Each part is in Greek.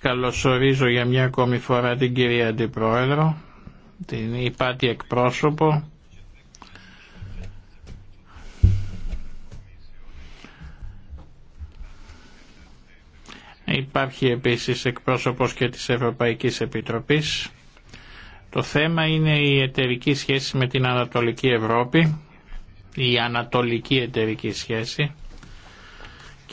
Καλωσορίζω για μια ακόμη φορά την κυρία Αντιπρόεδρο, την υπάτη εκπρόσωπο. Υπάρχει επίσης εκπρόσωπος και της Ευρωπαϊκής Επιτροπής. Το θέμα είναι η εταιρική σχέση με την Ανατολική Ευρώπη, η Ανατολική εταιρική σχέση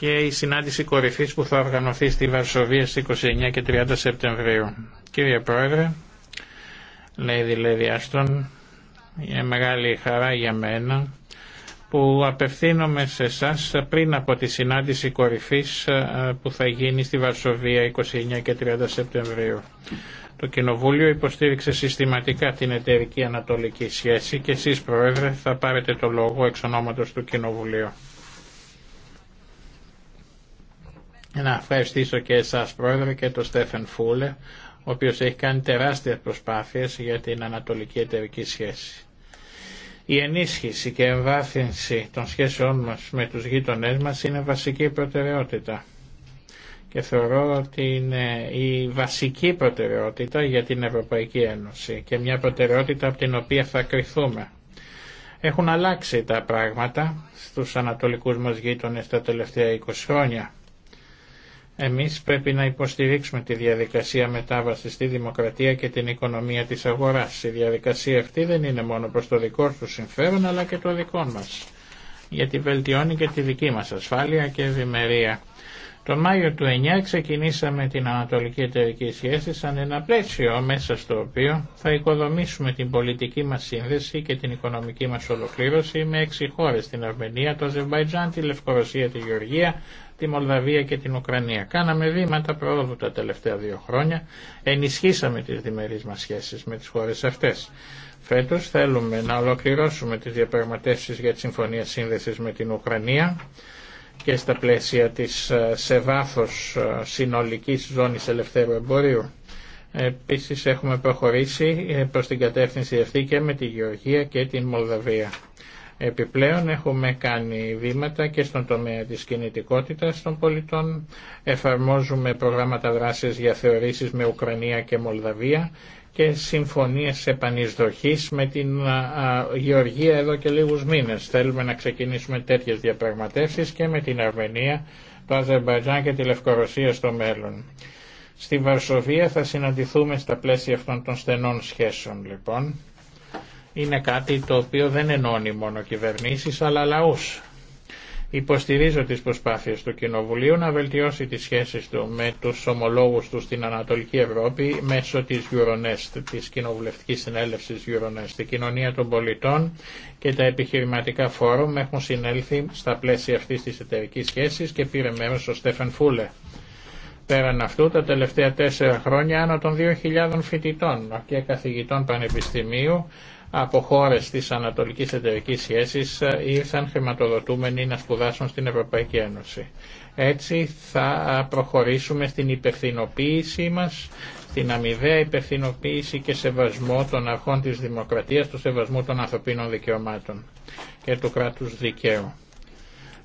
και η συνάντηση κορυφής που θα οργανωθεί στη Βαρσοβία στις 29 και 30 Σεπτεμβρίου. Κύριε Πρόεδρε, λέει δηλαδή Άστον, είναι μεγάλη χαρά για μένα που απευθύνομαι σε εσά πριν από τη συνάντηση κορυφής ε, που θα γίνει στη Βαρσοβία 29 και 30 Σεπτεμβρίου. Το Κοινοβούλιο υποστήριξε συστηματικά την εταιρική ανατολική σχέση και εσείς Πρόεδρε θα πάρετε το λόγο εξ του Κοινοβουλίου. Να ευχαριστήσω και εσάς πρόεδρε και τον Στέφεν Φούλε, ο οποίος έχει κάνει τεράστιες προσπάθειες για την ανατολική εταιρική σχέση. Η ενίσχυση και εμβάθυνση των σχέσεών μας με τους γείτονές μας είναι βασική προτεραιότητα και θεωρώ ότι είναι η βασική προτεραιότητα για την Ευρωπαϊκή Ένωση και μια προτεραιότητα από την οποία θα κρυθούμε. Έχουν αλλάξει τα πράγματα στους ανατολικούς μας γείτονες τα τελευταία 20 χρόνια εμείς πρέπει να υποστηρίξουμε τη διαδικασία μετάβασης στη δημοκρατία και την οικονομία της αγοράς. Η διαδικασία αυτή δεν είναι μόνο προς το δικό σου συμφέρον αλλά και το δικό μας, γιατί βελτιώνει και τη δική μας ασφάλεια και ευημερία. Τον Μάιο του 9 ξεκινήσαμε την Ανατολική Εταιρική Σχέση σαν ένα πλαίσιο μέσα στο οποίο θα οικοδομήσουμε την πολιτική μας σύνδεση και την οικονομική μας ολοκλήρωση με έξι χώρες, την Αρμενία, το Αζερβαϊτζάν, τη Λευκορωσία, τη Γεωργία, τη Μολδαβία και την Ουκρανία. Κάναμε βήματα προόδου τα τελευταία δύο χρόνια, ενισχύσαμε τις διμερείς μας σχέσεις με τις χώρες αυτές. Φέτος θέλουμε να ολοκληρώσουμε τις διαπραγματεύσεις για τη Συμφωνία Σύνδεσης με την Ουκρανία και στα πλαίσια της ε, σε βάθος ε, συνολικής ζώνης ελευθέρου εμπορίου. Επίσης έχουμε προχωρήσει ε, προς την κατεύθυνση αυτή και με τη Γεωργία και την Μολδαβία. Επιπλέον έχουμε κάνει βήματα και στον τομέα της κινητικότητας των πολιτών. Εφαρμόζουμε προγράμματα δράσης για θεωρήσεις με Ουκρανία και Μολδαβία και συμφωνίες επανεισδοχής με την Γεωργία εδώ και λίγους μήνες. Θέλουμε να ξεκινήσουμε τέτοιες διαπραγματεύσεις και με την Αρμενία, το Αζερμπαϊτζάν και τη Λευκορωσία στο μέλλον. Στη Βαρσοβία θα συναντηθούμε στα πλαίσια αυτών των στενών σχέσεων λοιπόν είναι κάτι το οποίο δεν ενώνει μόνο κυβερνήσεις αλλά λαούς. Υποστηρίζω τις προσπάθειες του Κοινοβουλίου να βελτιώσει τις σχέσεις του με τους ομολόγους του στην Ανατολική Ευρώπη μέσω της Euronest, της Κοινοβουλευτικής Συνέλευσης Euronest. Η κοινωνία των πολιτών και τα επιχειρηματικά φόρουμ έχουν συνέλθει στα πλαίσια αυτής της εταιρικής σχέσης και πήρε μέρος ο Στέφεν Φούλε. Πέραν αυτού, τα τελευταία τέσσερα χρόνια άνω των 2.000 φοιτητών και καθηγητών πανεπιστημίου από χώρε τη Ανατολική Εταιρική Σχέση ε, ήρθαν χρηματοδοτούμενοι να σπουδάσουν στην Ευρωπαϊκή Ένωση. Έτσι θα ε, προχωρήσουμε στην υπευθυνοποίησή μας, στην αμοιβαία υπευθυνοποίηση και σεβασμό των αρχών της δημοκρατία, του σεβασμού των ανθρωπίνων δικαιωμάτων και του κράτου δικαίου.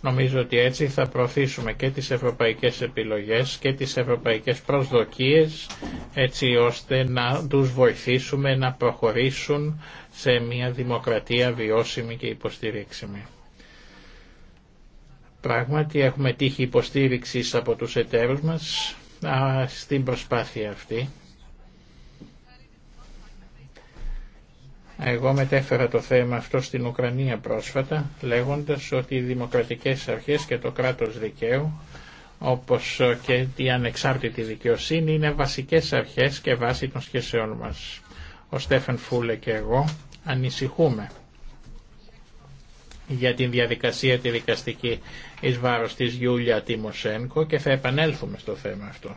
Νομίζω ότι έτσι θα προωθήσουμε και τις ευρωπαϊκές επιλογές και τις ευρωπαϊκές προσδοκίες έτσι ώστε να τους βοηθήσουμε να προχωρήσουν σε μια δημοκρατία βιώσιμη και υποστηρίξιμη. Πράγματι έχουμε τύχει υποστήριξης από τους εταίρους μας στην προσπάθεια αυτή Εγώ μετέφερα το θέμα αυτό στην Ουκρανία πρόσφατα, λέγοντας ότι οι δημοκρατικές αρχές και το κράτος δικαίου, όπως και η ανεξάρτητη δικαιοσύνη, είναι βασικές αρχές και βάση των σχέσεών μας. Ο Στέφεν Φούλε και εγώ ανησυχούμε για την διαδικασία τη δικαστική εις βάρος της Γιούλια Τιμοσένκο και θα επανέλθουμε στο θέμα αυτό.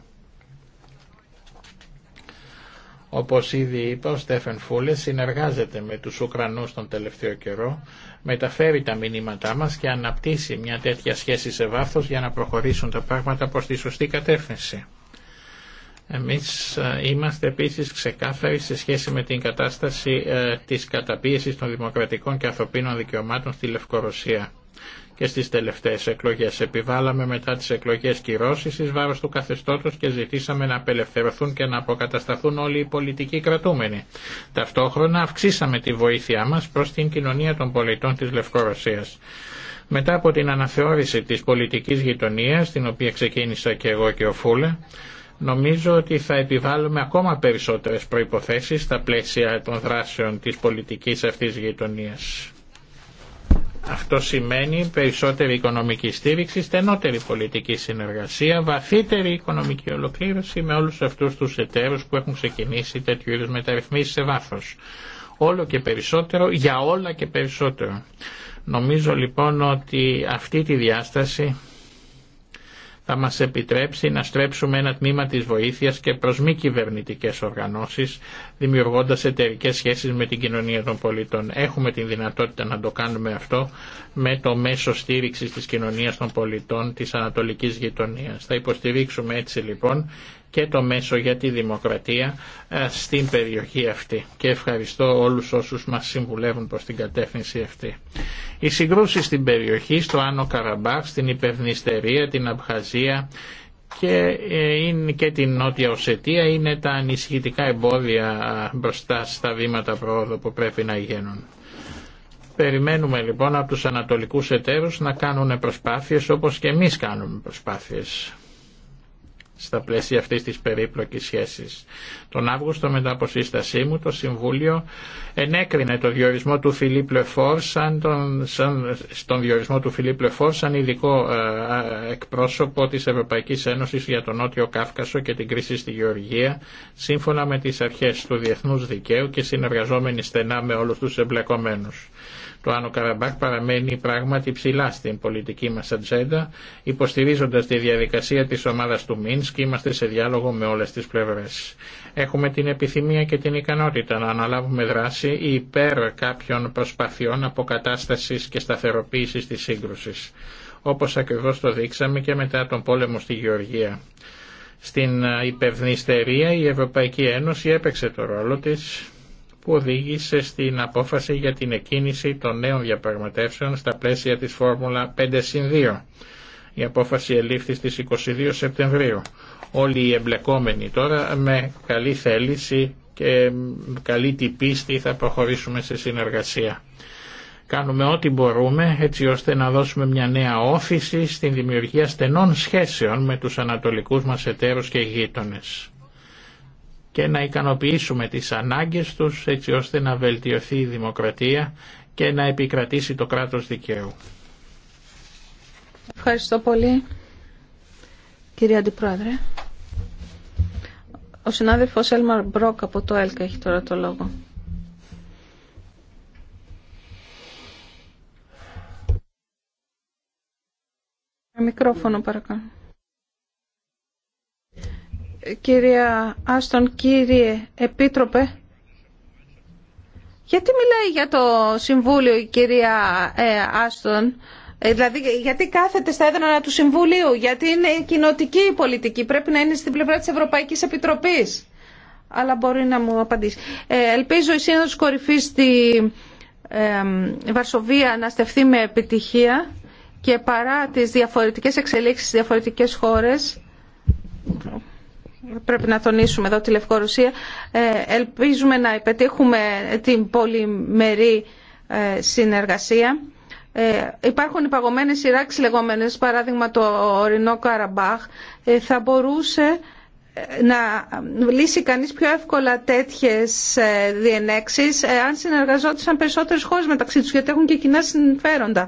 Όπως ήδη είπα, ο Στέφεν Φούλε συνεργάζεται με τους Ουκρανούς τον τελευταίο καιρό, μεταφέρει τα μηνύματά μας και αναπτύσσει μια τέτοια σχέση σε βάθος για να προχωρήσουν τα πράγματα προς τη σωστή κατεύθυνση. Εμείς ε, είμαστε επίσης ξεκάθαροι σε σχέση με την κατάσταση ε, της καταπίεσης των δημοκρατικών και ανθρωπίνων δικαιωμάτων στη Λευκορωσία και στις τελευταίες εκλογές. Επιβάλαμε μετά τις εκλογές κυρώσεις εις βάρος του καθεστώτος και ζητήσαμε να απελευθερωθούν και να αποκατασταθούν όλοι οι πολιτικοί κρατούμενοι. Ταυτόχρονα αυξήσαμε τη βοήθειά μας προς την κοινωνία των πολιτών της Λευκορωσίας. Μετά από την αναθεώρηση της πολιτικής γειτονίας, την οποία ξεκίνησα και εγώ και ο Φούλε, νομίζω ότι θα επιβάλλουμε ακόμα περισσότερες προϋποθέσεις στα πλαίσια των δράσεων της πολιτικής αυτής γειτονίας. Αυτό σημαίνει περισσότερη οικονομική στήριξη, στενότερη πολιτική συνεργασία, βαθύτερη οικονομική ολοκλήρωση με όλους αυτούς τους εταίρους που έχουν ξεκινήσει τέτοιου είδους μεταρρυθμίσεις σε βάθος. Όλο και περισσότερο, για όλα και περισσότερο. Νομίζω λοιπόν ότι αυτή τη διάσταση θα μας επιτρέψει να στρέψουμε ένα τμήμα της βοήθειας και προς μη κυβερνητικέ οργανώσεις, δημιουργώντας εταιρικές σχέσεις με την κοινωνία των πολιτών. Έχουμε την δυνατότητα να το κάνουμε αυτό με το μέσο στήριξης της κοινωνίας των πολιτών της Ανατολικής Γειτονίας. Θα υποστηρίξουμε έτσι λοιπόν και το μέσο για τη δημοκρατία ε, στην περιοχή αυτή. Και ευχαριστώ όλους όσους μας συμβουλεύουν προς την κατεύθυνση αυτή. Οι συγκρούσεις στην περιοχή, στο Άνω Καραμπάχ, στην Υπερνιστερία, την Αμπχαζία και, ε, και την Νότια Οσετία είναι τα ανησυχητικά εμπόδια ε, μπροστά στα βήματα πρόοδο που πρέπει να γίνουν. Περιμένουμε λοιπόν από τους ανατολικούς εταίρους να κάνουν προσπάθειες όπως και εμείς κάνουμε προσπάθειες στα πλαίσια αυτής της περίπλοκης σχέσης. Τον Αύγουστο μετά από σύστασή μου το Συμβούλιο ενέκρινε το διορισμό του Φιλίπ Λεφόρ τον, σαν, στον διορισμό του Φιλίπ Λεφόρ σαν ειδικό ε, ε, εκπρόσωπο της Ευρωπαϊκής Ένωσης για τον Νότιο Κάυκασο και την κρίση στη Γεωργία σύμφωνα με τις αρχές του διεθνούς δικαίου και συνεργαζόμενοι στενά με όλους τους εμπλεκομένους. Το Άνω Καραμπάκ παραμένει πράγματι ψηλά στην πολιτική μα ατζέντα. υποστηρίζοντα τη διαδικασία τη ομάδα του Μίνσκ είμαστε σε διάλογο με όλε τι πλευρέ. Έχουμε την επιθυμία και την ικανότητα να αναλάβουμε δράση υπέρ κάποιων προσπαθειών αποκατάσταση και σταθεροποίηση τη σύγκρουση. Όπω ακριβώ το δείξαμε και μετά τον πόλεμο στη Γεωργία. Στην υπευνηστερία η Ευρωπαϊκή Ένωση έπαιξε το ρόλο της που οδήγησε στην απόφαση για την εκκίνηση των νέων διαπραγματεύσεων στα πλαίσια της Φόρμουλα 5 2. Η απόφαση ελήφθη στις 22 Σεπτεμβρίου. Όλοι οι εμπλεκόμενοι τώρα με καλή θέληση και καλή την πίστη θα προχωρήσουμε σε συνεργασία. Κάνουμε ό,τι μπορούμε έτσι ώστε να δώσουμε μια νέα όφηση στην δημιουργία στενών σχέσεων με τους ανατολικούς μας εταίρους και γείτονες και να ικανοποιήσουμε τις ανάγκες τους έτσι ώστε να βελτιωθεί η δημοκρατία και να επικρατήσει το κράτος δικαίου. Ευχαριστώ πολύ κύριε Αντιπρόεδρε. Ο συνάδελφος Έλμαρ Μπρόκ από το ΕΛΚΑ έχει τώρα το λόγο. Μικρόφωνο παρακαλώ κυρία Άστον, κύριε Επίτροπε. Γιατί μιλάει για το Συμβούλιο η κυρία ε, Άστον, ε, δηλαδή γιατί κάθεται στα έδρανα του Συμβουλίου, γιατί είναι κοινοτική η πολιτική, πρέπει να είναι στην πλευρά της Ευρωπαϊκής Επιτροπής. Αλλά μπορεί να μου απαντήσει. Ε, ελπίζω η Σύνοδος Κορυφής στη ε, Βαρσοβία να στεφθεί με επιτυχία και παρά τις διαφορετικές εξελίξεις στις διαφορετικές χώρες πρέπει να τονίσουμε εδώ τη Λευκορωσία, ε, ελπίζουμε να πετύχουμε την πολυμερή ε, συνεργασία. Ε, υπάρχουν υπαγωμένε σειράξει σειράξεις παράδειγμα το ορεινό Καραμπάχ, θα μπορούσε να λύσει κανείς πιο εύκολα τέτοιες διενέξεις αν συνεργαζόντουσαν περισσότερες χώρες μεταξύ τους γιατί έχουν και κοινά συμφέροντα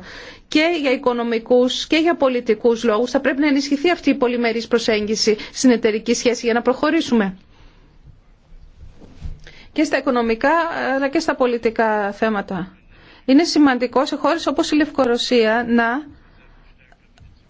και για οικονομικούς και για πολιτικούς λόγους θα πρέπει να ενισχυθεί αυτή η πολυμερής προσέγγιση στην εταιρική σχέση για να προχωρήσουμε και στα οικονομικά αλλά και στα πολιτικά θέματα. Είναι σημαντικό σε χώρε όπως η Λευκορωσία να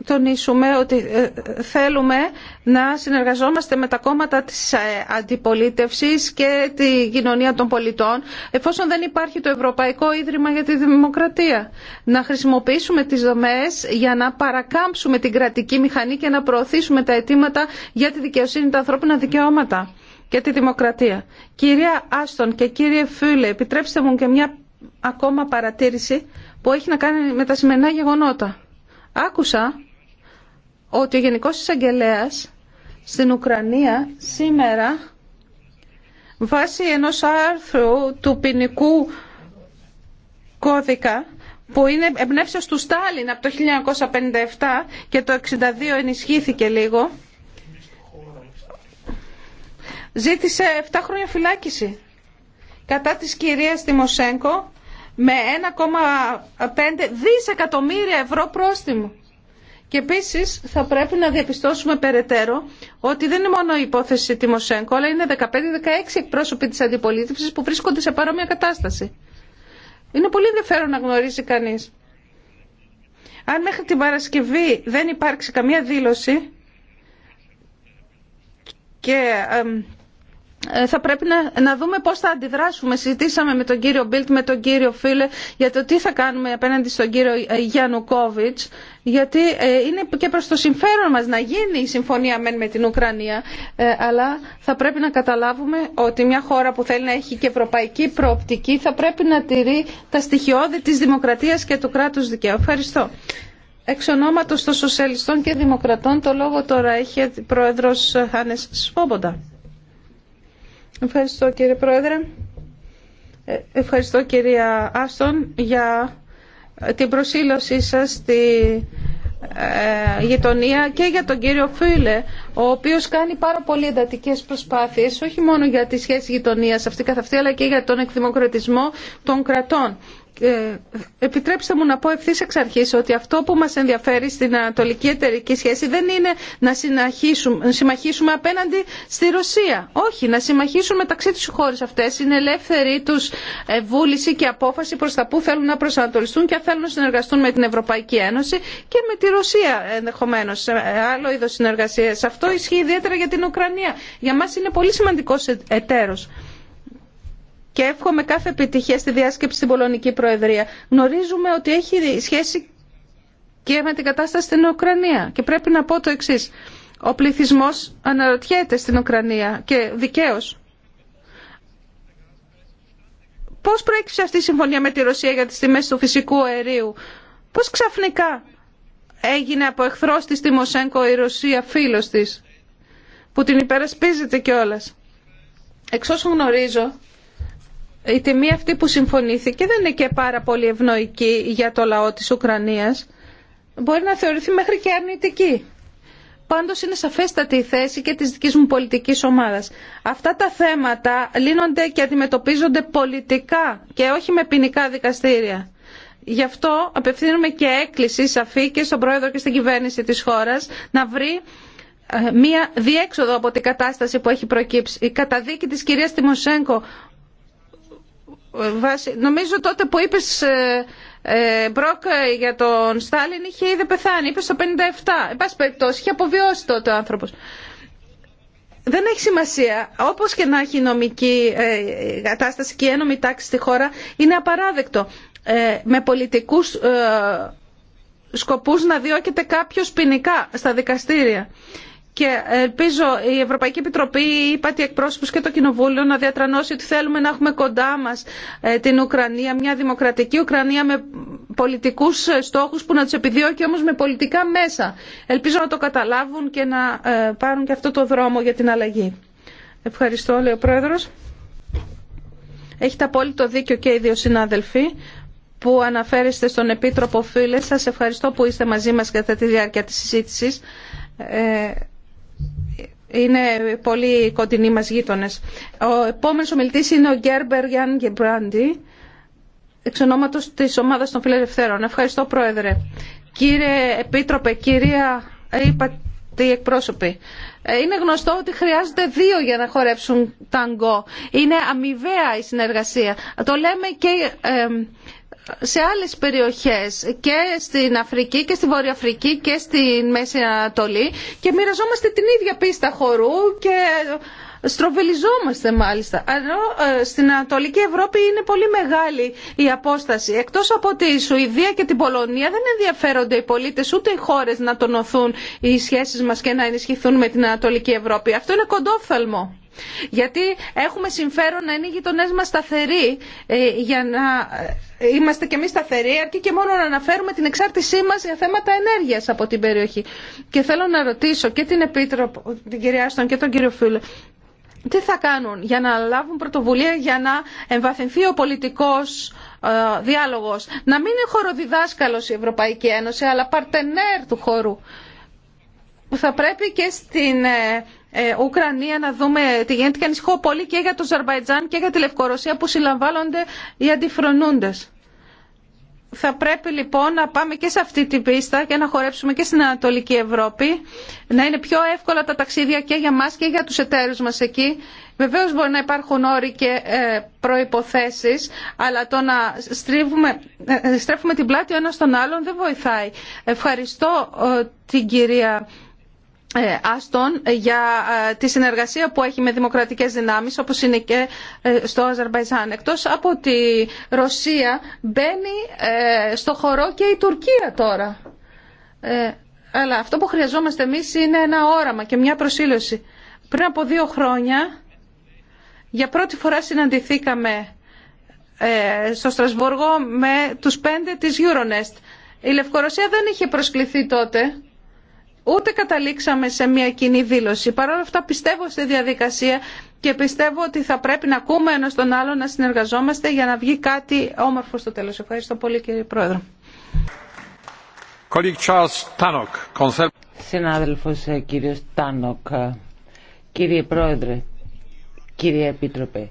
τονίσουμε ότι ε, θέλουμε να συνεργαζόμαστε με τα κόμματα της ε, αντιπολίτευσης και τη κοινωνία των πολιτών εφόσον δεν υπάρχει το Ευρωπαϊκό Ίδρυμα για τη Δημοκρατία. Να χρησιμοποιήσουμε τις δομές για να παρακάμψουμε την κρατική μηχανή και να προωθήσουμε τα αιτήματα για τη δικαιοσύνη, τα ανθρώπινα δικαιώματα και τη δημοκρατία. Κυρία Άστον και κύριε Φούλε, επιτρέψτε μου και μια ακόμα παρατήρηση που έχει να κάνει με τα σημερινά γεγονότα. Άκουσα ότι ο Γενικός Εισαγγελέας στην Ουκρανία σήμερα βάσει ενός άρθρου του ποινικού κώδικα που είναι εμπνεύσεως του Στάλιν από το 1957 και το 1962 ενισχύθηκε λίγο ζήτησε 7 χρόνια φυλάκιση κατά της κυρίας Τιμοσέγκο με 1,5 δισεκατομμύρια ευρώ πρόστιμο. Και επίσης θα πρέπει να διαπιστώσουμε περαιτέρω ότι δεν είναι μόνο η υπόθεση Τιμοσέγκο, αλλά είναι 15-16 εκπρόσωποι της αντιπολίτευσης που βρίσκονται σε παρόμοια κατάσταση. Είναι πολύ ενδιαφέρον να γνωρίζει κανείς. Αν μέχρι την Παρασκευή δεν υπάρξει καμία δήλωση και ε, θα πρέπει να, δούμε πώς θα αντιδράσουμε. Συζητήσαμε με τον κύριο Μπίλτ, με τον κύριο Φίλε για το τι θα κάνουμε απέναντι στον κύριο ε, Κόβιτς γιατί ε, είναι και προς το συμφέρον μας να γίνει η συμφωνία με την Ουκρανία αλλά θα πρέπει να καταλάβουμε ότι μια χώρα που θέλει να έχει και ευρωπαϊκή προοπτική θα πρέπει να τηρεί τα στοιχειώδη της δημοκρατίας και του κράτους δικαίου. Ευχαριστώ. Εξ ονόματος των Σοσιαλιστών και Δημοκρατών το λόγο τώρα έχει ο Πρόεδρος Χάνες Σφόμποντα. Ευχαριστώ κύριε Πρόεδρε. Ε, ευχαριστώ κυρία Άστον για την προσήλωσή σας στη ε, γειτονία και για τον κύριο Φίλε, ο οποίος κάνει πάρα πολύ εντατικέ προσπάθειες, όχι μόνο για τη σχέση γειτονίας αυτή καθ' αυτή, αλλά και για τον εκδημοκρατισμό των κρατών. Ε, επιτρέψτε μου να πω ευθύ εξ αρχή ότι αυτό που μα ενδιαφέρει στην ανατολική εταιρική σχέση δεν είναι να συμμαχίσουμε απέναντι στη Ρωσία. Όχι, να συμμαχίσουν μεταξύ οι χώρε αυτέ, Είναι ελεύθερη τους ε, βούληση και απόφαση προ τα που θέλουν να προσανατολιστούν και αν θέλουν να συνεργαστούν με την Ευρωπαϊκή Ένωση και με τη Ρωσία ενδεχομένω σε άλλο είδο συνεργασία. Αυτό ισχύει ιδιαίτερα για την Ουκρανία. Για μας είναι πολύ σημαντικός εταίρος και εύχομαι κάθε επιτυχία στη διάσκεψη στην Πολωνική Προεδρία. Γνωρίζουμε ότι έχει σχέση και με την κατάσταση στην Ουκρανία. Και πρέπει να πω το εξή. Ο πληθυσμό αναρωτιέται στην Ουκρανία και δικαίω. Πώ προέκυψε αυτή η συμφωνία με τη Ρωσία για τι τιμέ του φυσικού αερίου, Πώ ξαφνικά έγινε από εχθρό τη Μοσέγκο η Ρωσία φίλο τη, που την υπερασπίζεται κιόλα. Εξ όσων γνωρίζω, η τιμή αυτή που συμφωνήθηκε δεν είναι και πάρα πολύ ευνοϊκή για το λαό της Ουκρανίας. Μπορεί να θεωρηθεί μέχρι και αρνητική. Πάντως είναι σαφέστατη η θέση και της δικής μου πολιτικής ομάδας. Αυτά τα θέματα λύνονται και αντιμετωπίζονται πολιτικά και όχι με ποινικά δικαστήρια. Γι' αυτό απευθύνουμε και έκκληση σαφή και στον Πρόεδρο και στην κυβέρνηση της χώρας να βρει ε, μία διέξοδο από την κατάσταση που έχει προκύψει. Η καταδίκη της κυρίας Τιμοσέγκο Νομίζω τότε που είπες ε, ε, Μπρόκ για τον Στάλιν είχε ήδη πεθάνει, είπε στο 57. Εν πάση περιπτώσει, είχε αποβιώσει τότε ο άνθρωπος. Δεν έχει σημασία. Όπως και να έχει η νομική ε, κατάσταση και η ένομη τάξη στη χώρα, είναι απαράδεκτο με πολιτικούς σκοπούς να διώκεται κάποιος ποινικά στα δικαστήρια. Και ελπίζω η Ευρωπαϊκή Επιτροπή, η Πατή Εκπρόσωπο και το Κοινοβούλιο να διατρανώσει ότι θέλουμε να έχουμε κοντά μα ε, την Ουκρανία, μια δημοκρατική Ουκρανία με πολιτικού ε, στόχου που να του επιδιώκει όμω με πολιτικά μέσα. Ελπίζω να το καταλάβουν και να ε, πάρουν και αυτό το δρόμο για την αλλαγή. Ευχαριστώ, λέει ο Πρόεδρο. Έχετε απόλυτο δίκιο και οι δύο συνάδελφοι που αναφέρεστε στον Επίτροπο Φίλε. Σα ευχαριστώ που είστε μαζί μα κατά τη διάρκεια τη είναι πολύ κοντινοί μας γείτονες. Ο επόμενος ομιλητής είναι ο Γκέρμπερ Γιάνν Γεμπράντι, εξ ονόματος της ομάδας των φιλελευθέρων. Ευχαριστώ Πρόεδρε. Κύριε Επίτροπε, κυρία είπατε εκπρόσωποι. Ε, είναι γνωστό ότι χρειάζονται δύο για να χορέψουν ταγκό. Είναι αμοιβαία η συνεργασία. Το λέμε και ε, σε άλλες περιοχές και στην Αφρική και στη Βόρεια Αφρική και στη Μέση Ανατολή και μοιραζόμαστε την ίδια πίστα χορού και στροβελιζόμαστε μάλιστα. Ενώ ε, στην Ανατολική Ευρώπη είναι πολύ μεγάλη η απόσταση. Εκτός από τη Σουηδία και την Πολωνία δεν ενδιαφέρονται οι πολίτες ούτε οι χώρες να τονωθούν οι σχέσεις μας και να ενισχυθούν με την Ανατολική Ευρώπη. Αυτό είναι κοντόφθαλμο. Γιατί έχουμε συμφέρον να είναι οι γειτονέ μας σταθεροί ε, για να είμαστε και εμεί σταθεροί, αρκεί και μόνο να αναφέρουμε την εξάρτησή μα για θέματα ενέργεια από την περιοχή. Και θέλω να ρωτήσω και την Επίτροπο, την κυρία Άστον και τον κύριο Φίλε, τι θα κάνουν για να λάβουν πρωτοβουλία για να εμβαθυνθεί ο πολιτικός ε, διάλογος. Να μην είναι χωροδιδάσκαλο η Ευρωπαϊκή Ένωση, αλλά παρτενέρ του χώρου θα πρέπει και στην ε, ε, Ουκρανία να δούμε τη γίνεται και ανησυχώ πολύ και για το Ζαρμπαϊτζάν και για τη Λευκορωσία που συλλαμβάνονται οι αντιφρονούντες. Θα πρέπει λοιπόν να πάμε και σε αυτή την πίστα και να χορέψουμε και στην Ανατολική Ευρώπη, να είναι πιο εύκολα τα ταξίδια και για μας και για τους εταίρους μας εκεί. Βεβαίως μπορεί να υπάρχουν όροι και ε, προϋποθέσεις, αλλά το να στρέφουμε την πλάτη ο ένας στον άλλον δεν βοηθάει. Ευχαριστώ την κυρία ε, Άστον ε, για ε, τη συνεργασία που έχει με δημοκρατικές δυνάμεις όπως είναι και στο Αζερβαϊτζάν. Εκτός από τη Ρωσία μπαίνει στο χορό και η Τουρκία τώρα. Αλλά αυτό που χρειαζόμαστε εμείς είναι ένα όραμα και μια προσήλωση. Πριν από δύο χρόνια για πρώτη φορά συναντηθήκαμε στο Στρασβούργο με τους πέντε της Euronest. Η Λευκορωσία δεν είχε προσκληθεί τότε ούτε καταλήξαμε σε μια κοινή δήλωση. Παρ' όλα αυτά πιστεύω στη διαδικασία και πιστεύω ότι θα πρέπει να ακούμε ένα τον άλλο να συνεργαζόμαστε για να βγει κάτι όμορφο στο τέλος. Ευχαριστώ πολύ κύριε Πρόεδρο. Συνάδελφος ε, κύριος Τάνοκ, ε, κύριε Πρόεδρε, κύριε Επίτροπε,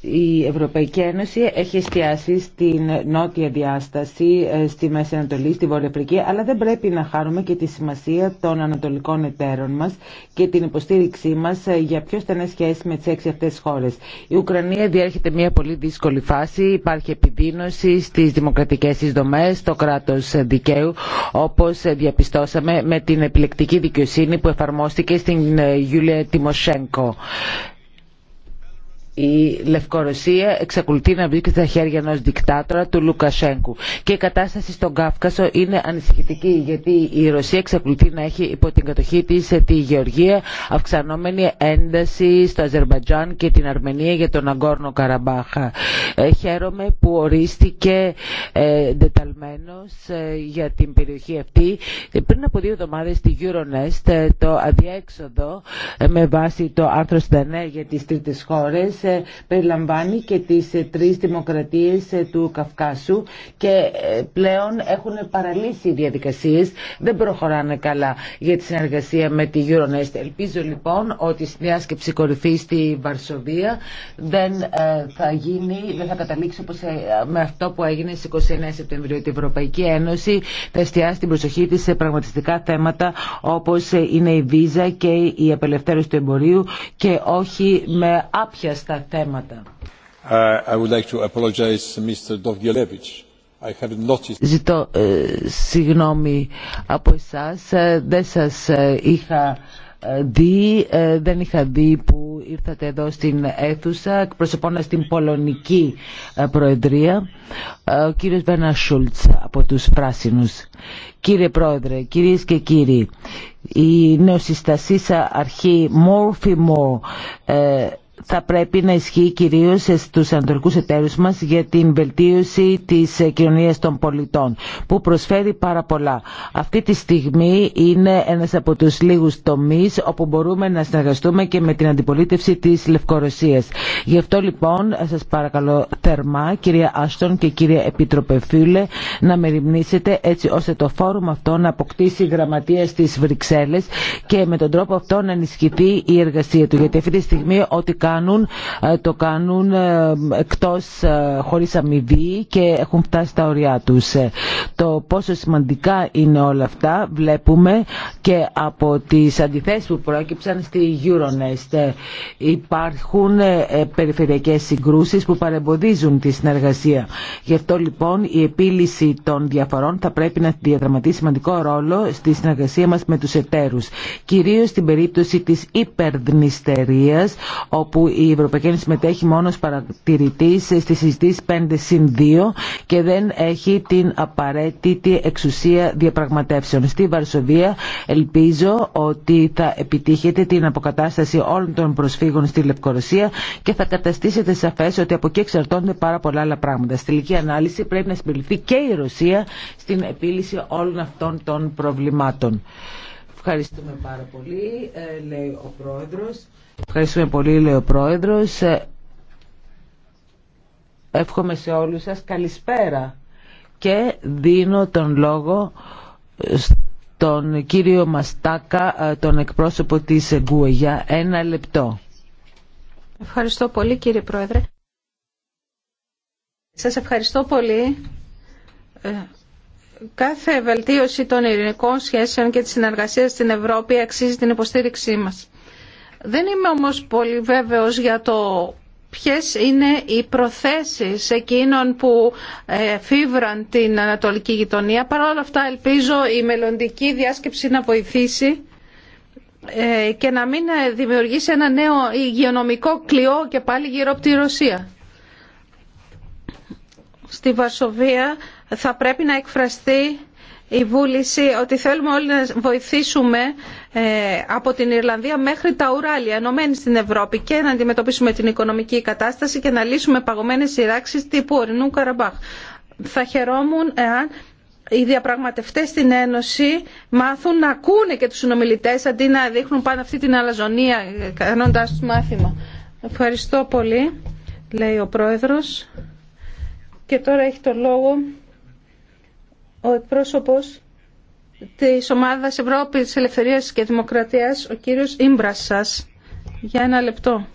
η Ευρωπαϊκή Ένωση έχει εστιάσει στην νότια διάσταση, ε, στη Μέση Ανατολή, στη Βόρεια Αφρική, αλλά δεν πρέπει να χάρουμε και τη σημασία των ανατολικών εταίρων μας και την υποστήριξή μας ε, για πιο στενές σχέσεις με τις έξι αυτές χώρες. Η Ουκρανία διέρχεται μια πολύ δύσκολη φάση, υπάρχει επιδείνωση στις δημοκρατικές της δομές, στο κράτος δικαίου, όπως ε, διαπιστώσαμε με την επιλεκτική δικαιοσύνη που εφαρμόστηκε στην Γιούλια Τιμοσέγκο η Λευκορωσία εξακολουθεί να βρίσκεται στα χέρια ενός δικτάτορα του Λουκασέγκου. Και η κατάσταση στον Κάφκασο είναι ανησυχητική γιατί η Ρωσία εξακολουθεί να έχει υπό την κατοχή της ε, τη Γεωργία αυξανόμενη ένταση στο Αζερμπαϊτζάν και την Αρμενία για τον Αγκόρνο Καραμπάχα. Ε, χαίρομαι που ορίστηκε ε, εντεταλμένος για την περιοχή αυτή πριν από δύο εβδομάδες στη Euronest το αδιέξοδο με βάση το άρθρο για τις τρίτες χώρες ε, περιλαμβάνει και τις ε, τρεις δημοκρατίες ε, του Καυκάσου και πλέον έχουν παραλύσει οι διαδικασίες, δεν προχωράνε καλά για τη συνεργασία με τη Euronest. Ελπίζω λοιπόν ότι στη διάσκεψη κορυφή στη Βαρσοβία δεν θα γίνει, δεν θα καταλήξει όπως με αυτό που έγινε στις 29 Σεπτεμβρίου. Η Ευρωπαϊκή Ένωση θα εστιάσει την προσοχή της σε πραγματιστικά θέματα όπως είναι η βίζα και η απελευθέρωση του εμπορίου και όχι με άπιαστα τα θέματα. Uh, Ζητώ ε, συγγνώμη από εσάς, ε, δεν σας ε, είχα δει, δεν είχα δει που ήρθατε εδώ στην αίθουσα εκπροσωπώντας στην Πολωνική Προεδρία ο κύριος Βένα Σούλτς από τους Πράσινους Κύριε Πρόεδρε, κυρίες και κύριοι η νεοσυστασίσα αρχή More for θα πρέπει να ισχύει κυρίως στους ανατολικούς εταίρους μας για την βελτίωση της κοινωνίας των πολιτών που προσφέρει πάρα πολλά. Αυτή τη στιγμή είναι ένας από τους λίγους τομείς όπου μπορούμε να συνεργαστούμε και με την αντιπολίτευση της Λευκορωσίας. Γι' αυτό λοιπόν σας παρακαλώ θερμά κυρία Άστον και κυρία Επίτροπε Φίλε να μεριμνήσετε έτσι ώστε το φόρουμ αυτό να αποκτήσει γραμματεία στις Βρυξέλλες και με τον τρόπο αυτό να ενισχυθεί η εργασία του. Γιατί αυτή τη στιγμή ό,τι κάνουν, ε, το κάνουν ε, εκτός ε, χωρίς αμοιβή και έχουν φτάσει τα ωριά τους. Το πόσο σημαντικά είναι όλα αυτά βλέπουμε και από τις αντιθέσεις που προέκυψαν στη Euronest. Υπάρχουν περιφερειακές συγκρούσεις που παρεμποδίζουν τη συνεργασία. Γι' αυτό λοιπόν η επίλυση των διαφορών θα πρέπει να διαδραματίσει σημαντικό ρόλο στη συνεργασία μας με τους εταίρους. Κυρίως στην περίπτωση της υπερδνηστερίας που η Ευρωπαϊκή Ένωση συμμετέχει μόνο ως παρατηρητής στη συζητήση 5 2 και δεν έχει την απαραίτητη εξουσία διαπραγματεύσεων. Στη Βαρσοβία ελπίζω ότι θα επιτύχετε την αποκατάσταση όλων των προσφύγων στη Λευκορωσία και θα καταστήσετε σαφές ότι από εκεί εξαρτώνται πάρα πολλά άλλα πράγματα. Στη τελική ανάλυση πρέπει να συμπεριληφθεί και η Ρωσία στην επίλυση όλων αυτών των προβλημάτων. Ευχαριστούμε πάρα πολύ, ε, λέει ο Πρόεδρος. Ευχαριστούμε πολύ, λέει ο Πρόεδρος. Ε, εύχομαι σε όλους σας καλησπέρα και δίνω τον λόγο στον κύριο Μαστάκα, ε, τον εκπρόσωπο της ΕΓΚΟΕ, για ένα λεπτό. Ευχαριστώ πολύ κύριε Πρόεδρε. Σας ευχαριστώ πολύ Κάθε βελτίωση των ειρηνικών σχέσεων και της συνεργασίας στην Ευρώπη αξίζει την υποστήριξή μας. Δεν είμαι όμως πολύ βέβαιος για το ποιες είναι οι προθέσεις εκείνων που ε, φύβραν την Ανατολική Γειτονία. Παρ' όλα αυτά ελπίζω η μελλοντική διάσκεψη να βοηθήσει ε, και να μην ε, δημιουργήσει ένα νέο υγειονομικό κλειό και πάλι γύρω από τη Ρωσία. Στη Βαρσοβία θα πρέπει να εκφραστεί η βούληση ότι θέλουμε όλοι να βοηθήσουμε ε, από την Ιρλανδία μέχρι τα Ουράλια, ενωμένοι στην Ευρώπη και να αντιμετωπίσουμε την οικονομική κατάσταση και να λύσουμε παγωμένες σειράξεις τύπου Ορεινού Καραμπάχ. Θα χαιρόμουν εάν οι διαπραγματευτές στην Ένωση μάθουν να ακούνε και τους συνομιλητές αντί να δείχνουν πάνω αυτή την αλαζονία κάνοντάς του μάθημα. Ευχαριστώ πολύ, λέει ο Πρόεδρος. Και τώρα έχει το λόγο ο εκπρόσωπος της Ομάδας Ευρώπης Ελευθερίας και Δημοκρατίας, ο κύριος Ήμπρασσας. Για ένα λεπτό.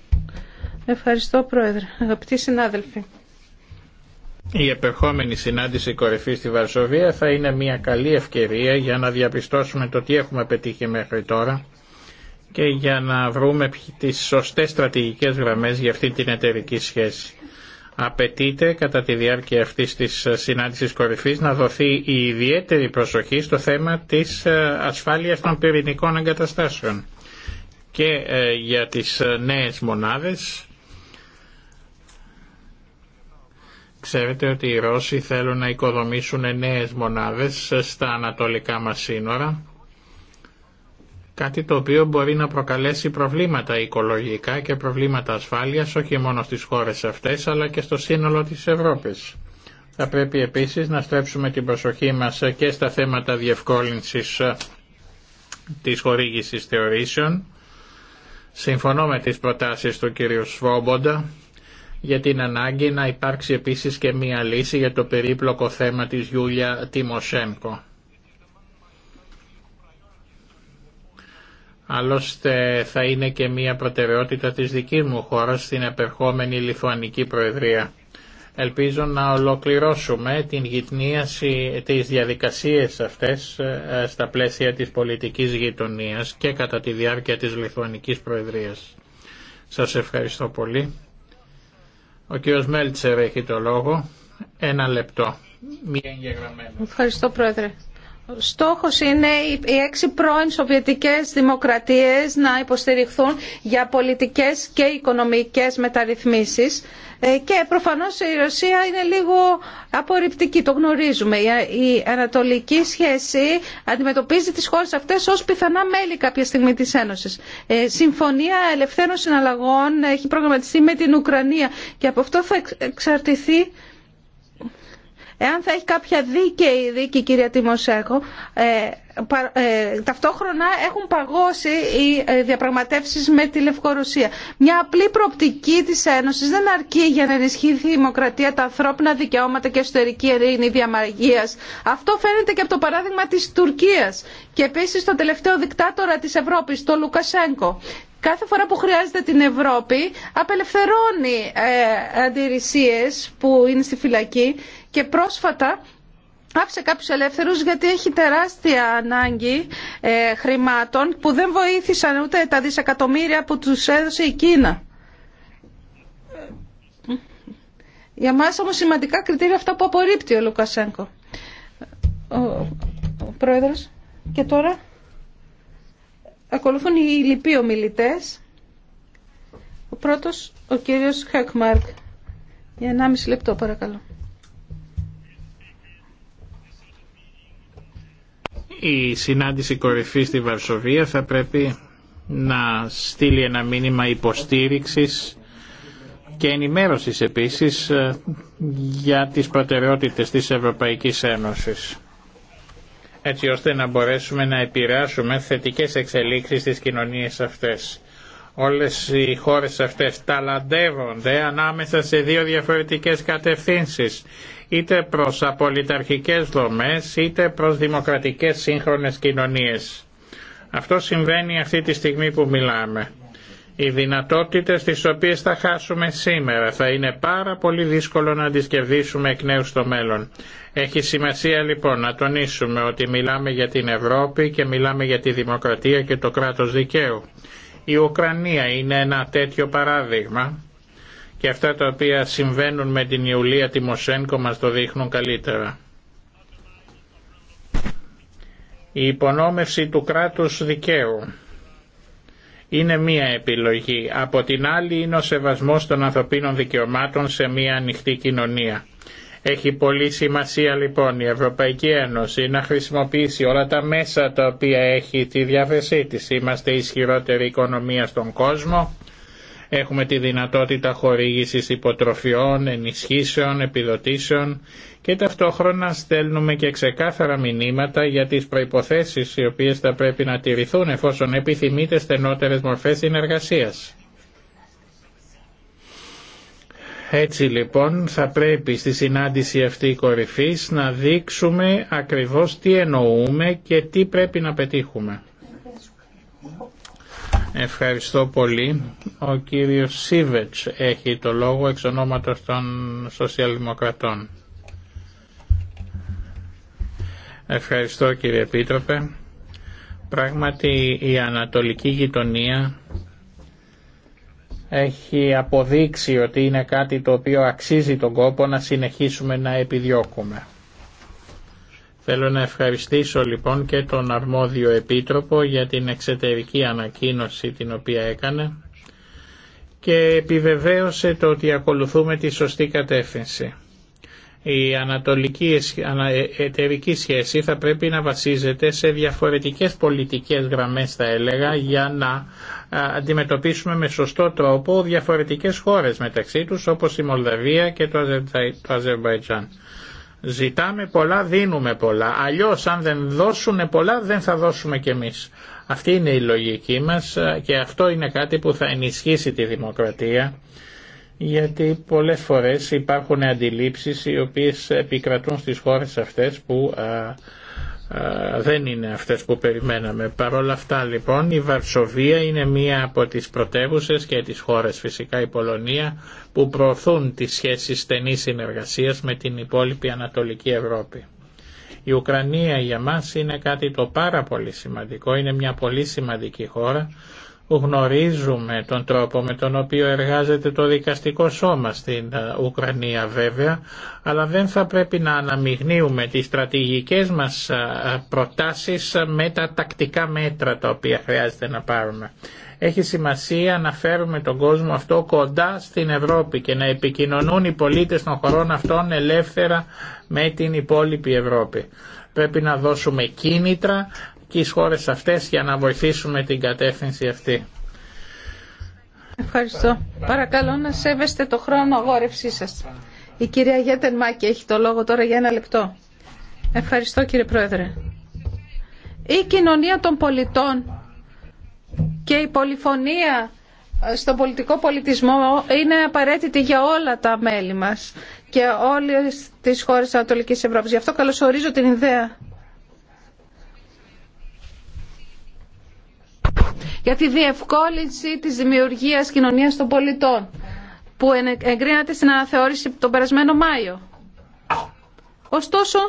Ευχαριστώ, Πρόεδρε. Αγαπητοί συνάδελφοι. Η επερχόμενη συνάντηση κορυφής στη Βαρσοβία θα είναι μια καλή ευκαιρία για να διαπιστώσουμε το τι έχουμε πετύχει μέχρι τώρα και για να βρούμε τις σωστές στρατηγικές γραμμές για αυτή την εταιρική σχέση. Απαιτείται κατά τη διάρκεια αυτής της ε, συνάντησης κορυφής να δοθεί η ιδιαίτερη προσοχή στο θέμα της ε, ασφάλειας των πυρηνικών εγκαταστάσεων και ε, για τις νέες μονάδες. Ξέρετε ότι οι Ρώσοι θέλουν να οικοδομήσουν νέες μονάδες στα ανατολικά μας σύνορα κάτι το οποίο μπορεί να προκαλέσει προβλήματα οικολογικά και προβλήματα ασφάλειας όχι μόνο στις χώρες αυτές αλλά και στο σύνολο της Ευρώπης. Θα πρέπει επίσης να στρέψουμε την προσοχή μας και στα θέματα διευκόλυνσης ε, της χορήγησης θεωρήσεων. Συμφωνώ με τις προτάσεις του κ. Σβόμποντα για την ανάγκη να υπάρξει επίσης και μία λύση για το περίπλοκο θέμα της Γιούλια Τιμοσέμκο. Άλλωστε θα είναι και μια προτεραιότητα της δικής μου χώρας στην επερχόμενη Λιθουανική Προεδρία. Ελπίζω να ολοκληρώσουμε την γυτνίαση της διαδικασίες αυτές ε, ε, στα πλαίσια της πολιτικής γειτονίας και κατά τη διάρκεια της Λιθουανικής Προεδρίας. Σας ευχαριστώ πολύ. Ο κ. Μέλτσερ έχει το λόγο. Ένα λεπτό. Μία εγγεγραμμένη. Ευχαριστώ Πρόεδρε. Στόχος είναι οι έξι πρώην Σοβιετικές δημοκρατίες να υποστηριχθούν για πολιτικές και οικονομικές μεταρρυθμίσεις ε, και προφανώς η Ρωσία είναι λίγο απορριπτική, το γνωρίζουμε. Η ανατολική σχέση αντιμετωπίζει τις χώρες αυτές ως πιθανά μέλη κάποια στιγμή της Ένωσης. Ε, Συμφωνία ελευθέρων συναλλαγών έχει προγραμματιστεί με την Ουκρανία και από αυτό θα εξαρτηθεί Εάν θα έχει κάποια δίκαιη δίκη, κυρία Τιμοσέχο, ε, ε, ταυτόχρονα έχουν παγώσει οι ε, διαπραγματεύσεις με τη Λευκορωσία. Μια απλή προοπτική της Ένωσης δεν αρκεί για να ενισχύει η δημοκρατία, τα ανθρώπινα δικαιώματα και εσωτερική ειρήνη διαμαγείας. Αυτό φαίνεται και από το παράδειγμα της Τουρκίας και επίσης το τελευταίο δικτάτορα της Ευρώπης, το Λουκασέγκο κάθε φορά που χρειάζεται την Ευρώπη απελευθερώνει ε, που είναι στη φυλακή και πρόσφατα άφησε κάποιους ελεύθερους γιατί έχει τεράστια ανάγκη ε, χρημάτων που δεν βοήθησαν ούτε τα δισεκατομμύρια που τους έδωσε η Κίνα. Για μας όμως σημαντικά κριτήρια αυτά που απορρίπτει ο Λουκασέγκο. πρόεδρος. Και τώρα... Ακολουθούν οι λοιποί ομιλητέ. Ο πρώτος, ο κύριος Χακμάρκ. Για 1,5 λεπτό παρακαλώ. Η συνάντηση κορυφή στη Βαρσοβία θα πρέπει να στείλει ένα μήνυμα υποστήριξης και ενημέρωσης επίσης ε, για τις προτεραιότητες της Ευρωπαϊκής Ένωσης έτσι ώστε να μπορέσουμε να επηρεάσουμε θετικές εξελίξεις στις κοινωνίες αυτές. Όλες οι χώρες αυτές ταλαντεύονται ανάμεσα σε δύο διαφορετικές κατευθύνσεις, είτε προς απολυταρχικές δομές, είτε προς δημοκρατικές σύγχρονες κοινωνίες. Αυτό συμβαίνει αυτή τη στιγμή που μιλάμε. Οι δυνατότητες τις οποίες θα χάσουμε σήμερα θα είναι πάρα πολύ δύσκολο να τις κερδίσουμε εκ νέου στο μέλλον. Έχει σημασία λοιπόν να τονίσουμε ότι μιλάμε για την Ευρώπη και μιλάμε για τη δημοκρατία και το κράτος δικαίου. Η Ουκρανία είναι ένα τέτοιο παράδειγμα και αυτά τα οποία συμβαίνουν με την Ιουλία Τιμοσένκο μας το δείχνουν καλύτερα. Η υπονόμευση του κράτους δικαίου είναι μία επιλογή. Από την άλλη είναι ο σεβασμός των ανθρωπίνων δικαιωμάτων σε μία ανοιχτή κοινωνία. Έχει πολύ σημασία λοιπόν η Ευρωπαϊκή Ένωση να χρησιμοποιήσει όλα τα μέσα τα οποία έχει τη διάθεσή της. Είμαστε η ισχυρότερη οικονομία στον κόσμο. Έχουμε τη δυνατότητα χορήγησης υποτροφιών, ενισχύσεων, επιδοτήσεων και ταυτόχρονα στέλνουμε και ξεκάθαρα μηνύματα για τις προϋποθέσεις οι οποίες θα πρέπει να τηρηθούν εφόσον επιθυμείτε στενότερες μορφές συνεργασίας. Έτσι λοιπόν θα πρέπει στη συνάντηση αυτή κορυφής να δείξουμε ακριβώς τι εννοούμε και τι πρέπει να πετύχουμε. Ευχαριστώ πολύ. Ο κύριος Σίβετς έχει το λόγο εξ ονόματος των Σοσιαλδημοκρατών. Ευχαριστώ κύριε Επίτροπε. Πράγματι η ανατολική γειτονία έχει αποδείξει ότι είναι κάτι το οποίο αξίζει τον κόπο να συνεχίσουμε να επιδιώκουμε. Θέλω να ευχαριστήσω λοιπόν και τον αρμόδιο επίτροπο για την εξωτερική ανακοίνωση την οποία έκανε και επιβεβαίωσε το ότι ακολουθούμε τη σωστή κατεύθυνση η ανατολική ε, εταιρική σχέση θα πρέπει να βασίζεται σε διαφορετικές πολιτικές γραμμές θα έλεγα για να αντιμετωπίσουμε με σωστό τρόπο διαφορετικές χώρες μεταξύ τους όπως η Μολδαβία και το, το Αζερβαϊτζάν. Ζητάμε πολλά, δίνουμε πολλά. Αλλιώς αν δεν δώσουν πολλά δεν θα δώσουμε κι εμείς. Αυτή είναι η λογική μας και αυτό είναι κάτι που θα ενισχύσει τη δημοκρατία γιατί πολλές φορές υπάρχουν αντιλήψεις οι οποίες επικρατούν στις χώρες αυτές που δεν είναι αυτές που περιμέναμε. Παρ' όλα αυτά λοιπόν η Βαρσοβία είναι μία από τις πρωτεύουσε και τις χώρες φυσικά η Πολωνία που προωθούν τις σχέσεις στενής συνεργασίας με την υπόλοιπη Ανατολική Ευρώπη. Η Ουκρανία για μας είναι κάτι το πάρα πολύ σημαντικό, είναι μια πολύ σημαντική χώρα Γνωρίζουμε τον τρόπο με τον οποίο εργάζεται το δικαστικό σώμα στην ε, Ουκρανία βέβαια, αλλά δεν θα πρέπει να αναμειγνύουμε τις στρατηγικές μας ε, προτάσεις με τα τακτικά μέτρα τα οποία χρειάζεται να πάρουμε. Έχει σημασία να φέρουμε τον κόσμο αυτό κοντά στην Ευρώπη και να επικοινωνούν οι πολίτες των χωρών αυτών ελεύθερα με την υπόλοιπη Ευρώπη. Πρέπει να δώσουμε κίνητρα, εκεί χώρες αυτές για να βοηθήσουμε την κατεύθυνση αυτή. Ευχαριστώ. Παρακαλώ να σέβεστε το χρόνο αγόρευσή σας. Η κυρία Γέτεν Μάκη έχει το λόγο τώρα για ένα λεπτό. Ευχαριστώ κύριε Πρόεδρε. Η κοινωνία των πολιτών και η πολυφωνία στον πολιτικό πολιτισμό είναι απαραίτητη για όλα τα μέλη μας και όλες τις χώρες της Ανατολικής Ευρώπης. Γι' αυτό καλωσορίζω την ιδέα για τη διευκόλυνση της δημιουργίας κοινωνίας των πολιτών που εγκρίνατε στην αναθεώρηση τον περασμένο Μάιο. Ωστόσο,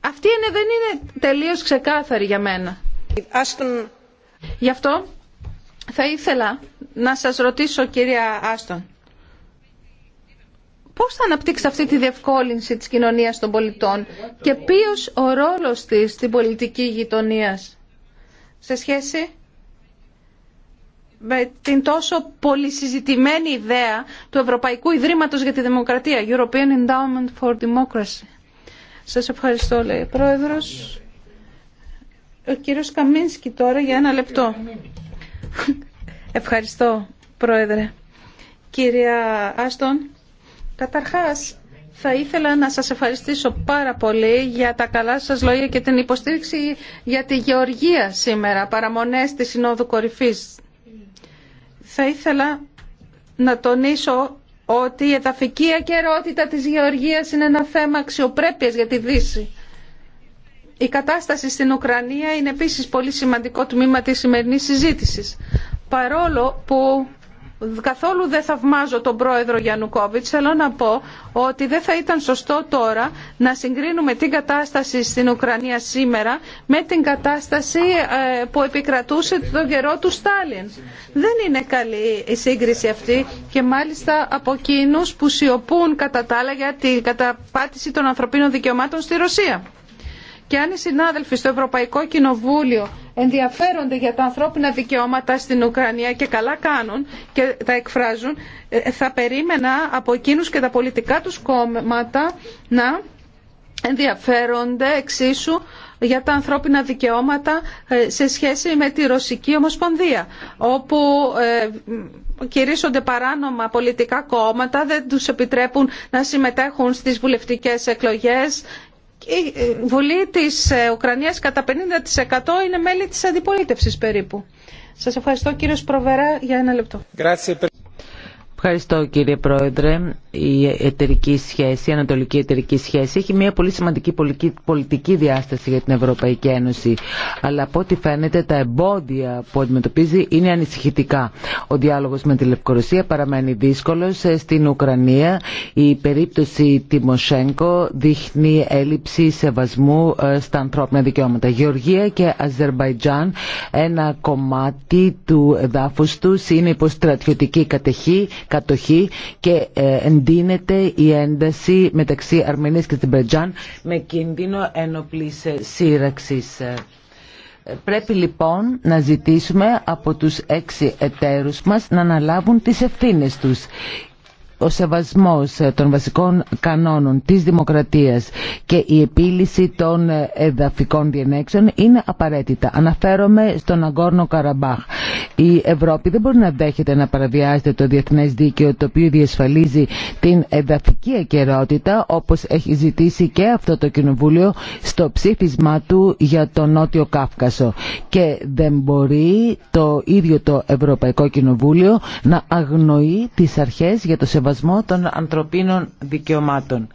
αυτή δεν είναι τελείως ξεκάθαρη για μένα. Άστον. Γι' αυτό θα ήθελα να σας ρωτήσω, κυρία Άστον, πώς θα αναπτύξει αυτή τη διευκόλυνση της κοινωνίας των πολιτών και ποιος ο ρόλος της στην πολιτική γειτονίας σε σχέση με την τόσο πολυσυζητημένη ιδέα του Ευρωπαϊκού Ιδρύματος για τη Δημοκρατία, European Endowment for Democracy. Σας ευχαριστώ, λέει ο Πρόεδρος. Ο κύριος Καμίνσκι τώρα για ένα λεπτό. Ευχαριστώ, Πρόεδρε. Κυρία Άστον, καταρχάς θα ήθελα να σας ευχαριστήσω πάρα πολύ για τα καλά σας λόγια και την υποστήριξη για τη γεωργία σήμερα, παραμονές της Συνόδου Κορυφής. Θα ήθελα να τονίσω ότι η εδαφική ακαιρότητα της γεωργίας είναι ένα θέμα αξιοπρέπειας για τη Δύση. Η κατάσταση στην Ουκρανία είναι επίσης πολύ σημαντικό τμήμα της σημερινής συζήτησης. Παρόλο που Καθόλου δεν θαυμάζω τον πρόεδρο Γιανουκόβιτς, Θέλω να πω ότι δεν θα ήταν σωστό τώρα να συγκρίνουμε την κατάσταση στην Ουκρανία σήμερα με την κατάσταση ε, που επικρατούσε τον καιρό του Στάλιν. Δεν είναι καλή η σύγκριση αυτή και μάλιστα από εκείνου που σιωπούν κατά τα άλλα για την καταπάτηση των ανθρωπίνων δικαιωμάτων στη Ρωσία. Και αν οι συνάδελφοι στο Ευρωπαϊκό Κοινοβούλιο ενδιαφέρονται για τα ανθρώπινα δικαιώματα στην Ουκρανία και καλά κάνουν και τα εκφράζουν, ε, θα περίμενα από εκείνους και τα πολιτικά τους κόμματα να ενδιαφέρονται εξίσου για τα ανθρώπινα δικαιώματα ε, σε σχέση με τη Ρωσική Ομοσπονδία, όπου ε, κηρύσσονται παράνομα πολιτικά κόμματα, δεν τους επιτρέπουν να συμμετέχουν στις βουλευτικές εκλογές η ε, Βουλή της ε, Ουκρανίας κατά 50% είναι μέλη της αντιπολίτευσης περίπου. Σας ευχαριστώ κύριος Προβέρα για ένα λεπτό. Ευχαριστώ κύριε Πρόεδρε. Η εταιρική σχέση, η ανατολική εταιρική σχέση έχει μια πολύ σημαντική πολιτική διάσταση για την Ευρωπαϊκή Ένωση. Αλλά από ό,τι φαίνεται τα εμπόδια που αντιμετωπίζει είναι ανησυχητικά. Ο διάλογος με τη Λευκορωσία παραμένει δύσκολος. Ε, στην Ουκρανία η περίπτωση Τιμοσέγκο δείχνει έλλειψη σεβασμού ε, στα ανθρώπινα δικαιώματα. Γεωργία και Αζερβαϊτζάν, ένα κομμάτι του εδάφους του είναι υποστρατιωτική κατεχή κατοχή και ε, εντείνεται η ένταση μεταξύ Αρμενίας και Τιμπερτζάν με κίνδυνο ένοπλης ε, σύραξης. Ε, πρέπει λοιπόν να ζητήσουμε από τους έξι εταίρους μας να αναλάβουν τις ευθύνες τους ο σεβασμός ε, των βασικών κανόνων της δημοκρατίας και η επίλυση των ε, εδαφικών διενέξεων είναι απαραίτητα. Αναφέρομαι στον Αγκόρνο Καραμπάχ. Η Ευρώπη δεν μπορεί να δέχεται να παραβιάζεται το διεθνές δίκαιο το οποίο διασφαλίζει την εδαφική αικαιρότητα όπως έχει ζητήσει και αυτό το Κοινοβούλιο στο ψήφισμά του για τον Νότιο Κάφκασο. Και δεν μπορεί το ίδιο το Ευρωπαϊκό Κοινοβούλιο να αγνοεί τις αρχές για το σεβασμό σεβασμό των ανθρωπίνων δικαιωμάτων.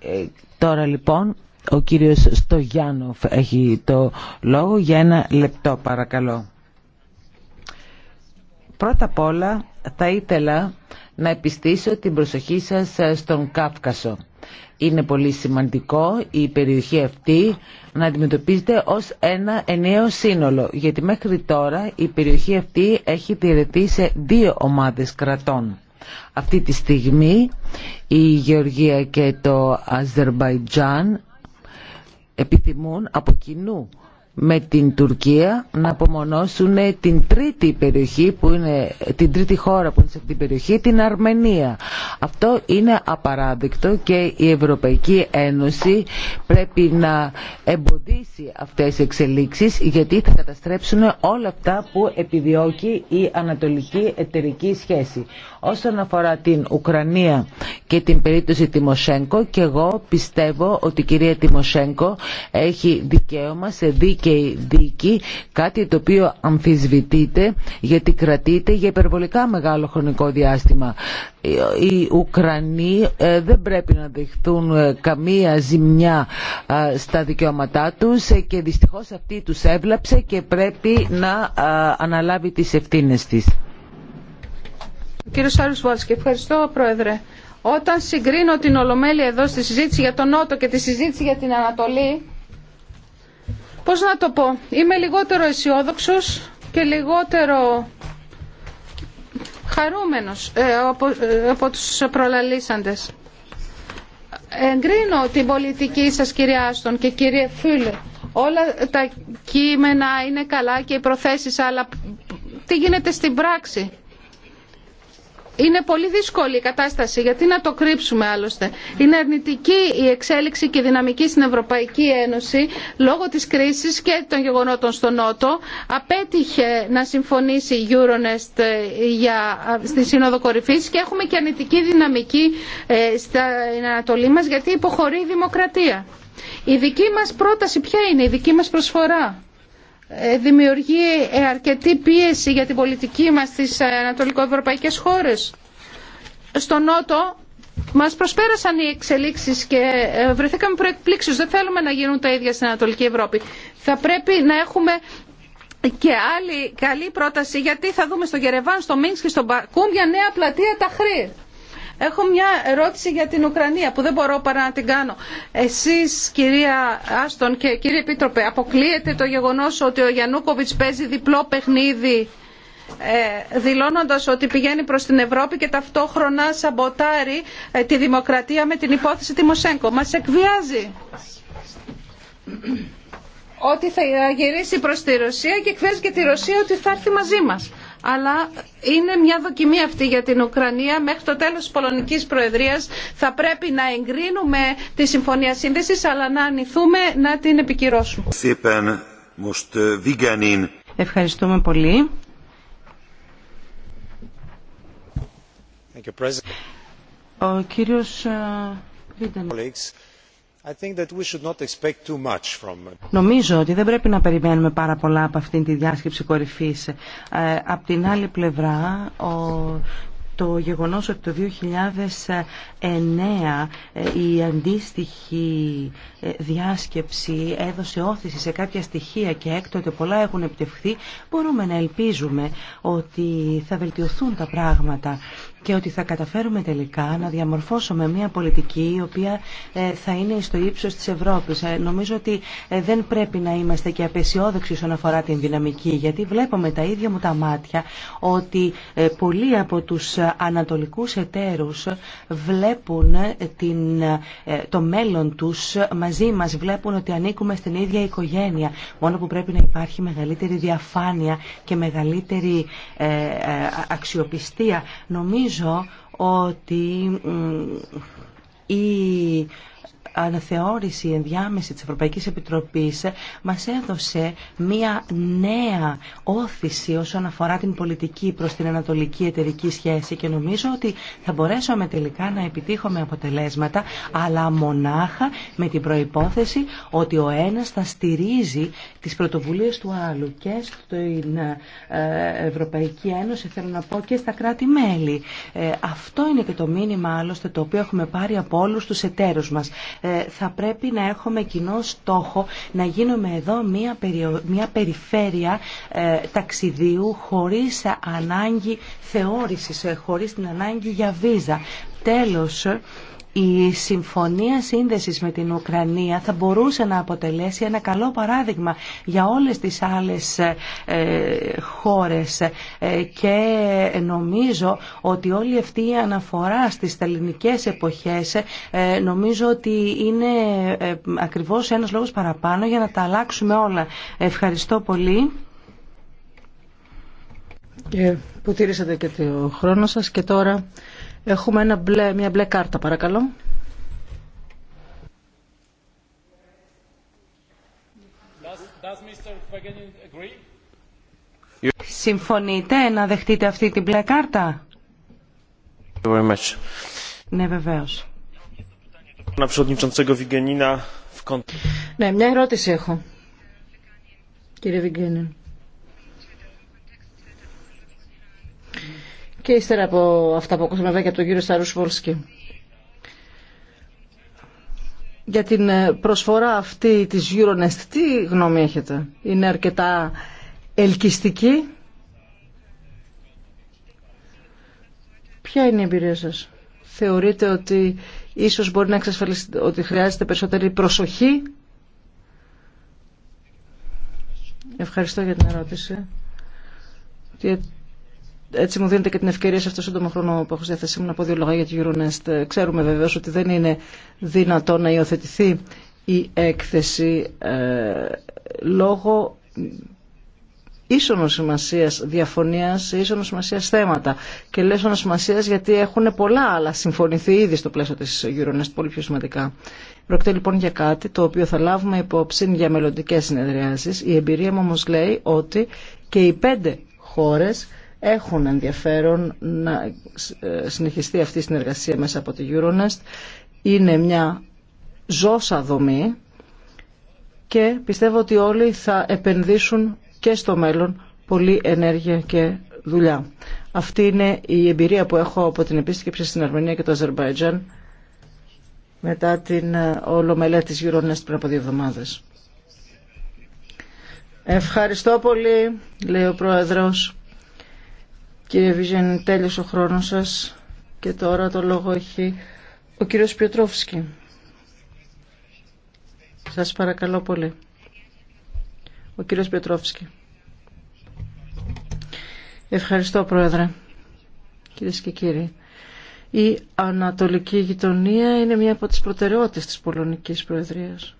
Ε, τώρα λοιπόν ο κύριος Στογιάνοφ έχει το λόγο για ένα λεπτό παρακαλώ. Πρώτα απ' όλα θα ήθελα να επιστήσω την προσοχή σας στον Κάφκασο. Είναι πολύ σημαντικό η περιοχή αυτή να αντιμετωπίζεται ως ένα ενιαίο σύνολο, γιατί μέχρι τώρα η περιοχή αυτή έχει διαιρεθεί σε δύο ομάδες κρατών. Αυτή τη στιγμή η Γεωργία και το Αζερβαϊτζάν επιθυμούν από κοινού με την Τουρκία να απομονώσουν την τρίτη περιοχή που είναι, την τρίτη χώρα που είναι σε αυτή την περιοχή, την Αρμενία. Αυτό είναι απαράδεκτο και η Ευρωπαϊκή Ένωση πρέπει να εμποδίσει αυτές τις εξελίξεις γιατί θα καταστρέψουν όλα αυτά που επιδιώκει η ανατολική εταιρική σχέση. Όσον αφορά την Ουκρανία και την περίπτωση Τιμοσέγκο και εγώ πιστεύω ότι η κυρία Τιμοσέγκο έχει δικαίωμα σε δίκαιη δίκη κάτι το οποίο αμφισβητείται γιατί κρατείται για υπερβολικά μεγάλο χρονικό διάστημα. Οι Ουκρανοί ε, δεν πρέπει να δεχθούν ε, καμία ζημιά ε, στα δικαιώματά τους και δυστυχώς αυτή τους έβλαψε και πρέπει να αναλάβει τις ευθύνες της. Κύριε Σάρους Βόλσκι, ευχαριστώ Πρόεδρε. Όταν συγκρίνω την Ολομέλεια εδώ στη συζήτηση για τον Νότο και τη συζήτηση για την Ανατολή, πώς να το πω, είμαι λιγότερο αισιόδοξο και λιγότερο χαρούμενος ε, από, ε, από τους προλαλήσαντες. Εγκρίνω την πολιτική σας κυρία Άστον και κύριε Φίλε. Όλα τα κείμενα είναι καλά και οι προθέσεις, αλλά τι γίνεται στην πράξη. Είναι πολύ δύσκολη η κατάσταση, γιατί να το κρύψουμε άλλωστε. Είναι αρνητική η εξέλιξη και η δυναμική στην Ευρωπαϊκή Ένωση λόγω της κρίσης και των γεγονότων στο Νότο. Απέτυχε να συμφωνήσει η Euronest ε, για, στη Σύνοδο Κορυφής και έχουμε και αρνητική δυναμική ε, στην Ανατολή μας γιατί υποχωρεί η δημοκρατία. Η δική μας πρόταση ποια είναι, η δική μας προσφορά. Ε, δημιουργεί ε, αρκετή πίεση για την πολιτική μας στις ε, ανατολικοευρωπαϊκές χώρες. Στο Νότο μας προσπέρασαν οι εξελίξεις και βρεθήκαμε προεκπλήξεις. Δεν θέλουμε να γίνουν τα ίδια στην Ανατολική Ευρώπη. Θα πρέπει να έχουμε και άλλη καλή πρόταση γιατί θα δούμε στο Γερεβάν, στο Μίνσκ και στον για νέα πλατεία τα χρήματα. Έχω μια ερώτηση για την Ουκρανία που δεν μπορώ παρά να την κάνω. Εσείς κυρία Άστον και κύριε Επίτροπε αποκλείεται το γεγονός ότι ο Γιαννούκοβιτς παίζει διπλό παιχνίδι ε, δηλώνοντας ότι πηγαίνει προς την Ευρώπη και ταυτόχρονα σαμποτάρει ε, τη δημοκρατία με την υπόθεση Τιμοσέγκο. Μας εκβιάζει ότι θα γυρίσει προς τη Ρωσία και εκβιάζει και τη Ρωσία ότι θα έρθει μαζί μας αλλά είναι μια δοκιμή αυτή για την Ουκρανία. Μέχρι το τέλος της Πολωνικής Προεδρίας θα πρέπει να εγκρίνουμε τη Συμφωνία Σύνδεσης, αλλά να ανηθούμε να την επικυρώσουμε. Ε, Ευχαριστούμε πολύ. Ο κύριος ε, Uh, Νομίζω ότι δεν πρέπει να περιμένουμε πάρα πολλά από αυτήν τη διάσκεψη κορυφής. Ε, απ' την άλλη πλευρά, ο, το γεγονός ότι το 2009 ε, η αντίστοιχη ε, διάσκεψη έδωσε όθηση σε κάποια στοιχεία και έκτοτε πολλά έχουν επιτευχθεί, μπορούμε να ελπίζουμε ότι θα βελτιωθούν τα πράγματα και ότι θα καταφέρουμε τελικά να διαμορφώσουμε μια πολιτική η οποία ε, θα είναι στο ύψος της Ευρώπης. Ε, νομίζω ότι ε, δεν πρέπει να είμαστε και απεσιόδοξοι όσον αφορά την δυναμική γιατί βλέπουμε τα ίδια μου τα μάτια ότι πολλοί από τους ανατολικούς εταίρους βλέπουν την, το μέλλον τους μαζί μας, βλέπουν ότι ανήκουμε στην ίδια οικογένεια. Μόνο που πρέπει να υπάρχει μεγαλύτερη διαφάνεια και μεγαλύτερη αξιοπιστία. Νομίζω Νομίζω ότι η αναθεώρηση ενδιάμεση της Ευρωπαϊκής Επιτροπής μας έδωσε μία νέα όθηση όσον αφορά την πολιτική προς την ανατολική εταιρική σχέση και νομίζω ότι θα μπορέσουμε τελικά να επιτύχουμε αποτελέσματα αλλά μονάχα με την προϋπόθεση ότι ο ένας θα στηρίζει τις πρωτοβουλίες του άλλου και στην ε, Ευρωπαϊκή Ένωση θέλω να πω και στα κράτη-μέλη. Ε, αυτό είναι και το μήνυμα άλλωστε το οποίο έχουμε πάρει από όλους τους εταίρους μας. Ε, ε, θα πρέπει να έχουμε κοινό στόχο να γίνουμε εδώ μια, μια περιφέρεια ε, ταξιδίου χωρίς ανάγκη θεώρησης, ε, χωρίς την ανάγκη για βίζα. Τέλος, η συμφωνία σύνδεσης με την Ουκρανία θα μπορούσε να αποτελέσει ένα καλό παράδειγμα για όλες τις άλλες ε, χώρες ε, και νομίζω ότι όλη αυτή η αναφορά στις ελληνικές εποχές ε, νομίζω ότι είναι ακριβώς ένας λόγος παραπάνω για να τα αλλάξουμε όλα. Ευχαριστώ πολύ. Και που τήρησατε και το χρόνο σας και τώρα Έχουμε ένα μπλε, μια μπλε κάρτα παρακαλώ. Συμφωνείτε να δεχτείτε αυτή την μπλε κάρτα. Ναι βεβαίως. Ναι, μια ερώτηση έχω, κύριε Βιγγένιν. και ύστερα από αυτά που ακούσαμε βέβαια και από τον κύριο Σαρουσβόλσκι. Για την ε, προσφορά αυτή της Euronest, τι γνώμη έχετε. Είναι αρκετά ελκυστική. Ποια είναι η εμπειρία σας. Θεωρείτε ότι ίσως μπορεί να εξασφαλίσετε ότι χρειάζεται περισσότερη προσοχή. Ευχαριστώ για την ερώτηση έτσι μου δίνετε και την ευκαιρία σε αυτό το σύντομο χρόνο που έχω στη μου να πω δύο λόγια για τη Euronest. Ξέρουμε βεβαίω ότι δεν είναι δυνατό να υιοθετηθεί η έκθεση ε, λόγω ίσονο σημασία διαφωνία σε ίσονο σημασία θέματα. Και λέω ίσονο σημασία γιατί έχουν πολλά άλλα συμφωνηθεί ήδη στο πλαίσιο τη Euronest, πολύ πιο σημαντικά. Πρόκειται λοιπόν για κάτι το οποίο θα λάβουμε υπόψη για μελλοντικέ συνεδριάσει. Η εμπειρία μου όμω λέει ότι και οι πέντε χώρε έχουν ενδιαφέρον να ε, συνεχιστεί αυτή η συνεργασία μέσα από τη Euronest. Είναι μια ζώσα δομή και πιστεύω ότι όλοι θα επενδύσουν και στο μέλλον πολύ ενέργεια και δουλειά. Αυτή είναι η εμπειρία που έχω από την επίσκεψη στην Αρμενία και το Αζερβαϊτζάν μετά την ε, ολομελέτη της Euronest πριν από δύο εβδομάδες. Ευχαριστώ πολύ, λέει ο Πρόεδρος. Κύριε Βίζεν, τέλειος ο χρόνος σας και τώρα το λόγο έχει ο κύριος Πιοτρόφσκι. Σας παρακαλώ πολύ. Ο κύριος Πιοτρόφσκι. Ευχαριστώ, Πρόεδρε. Κυρίε και κύριοι, η ανατολική γειτονία είναι μία από τις προτεραιότητες της Πολωνικής Προεδρίας.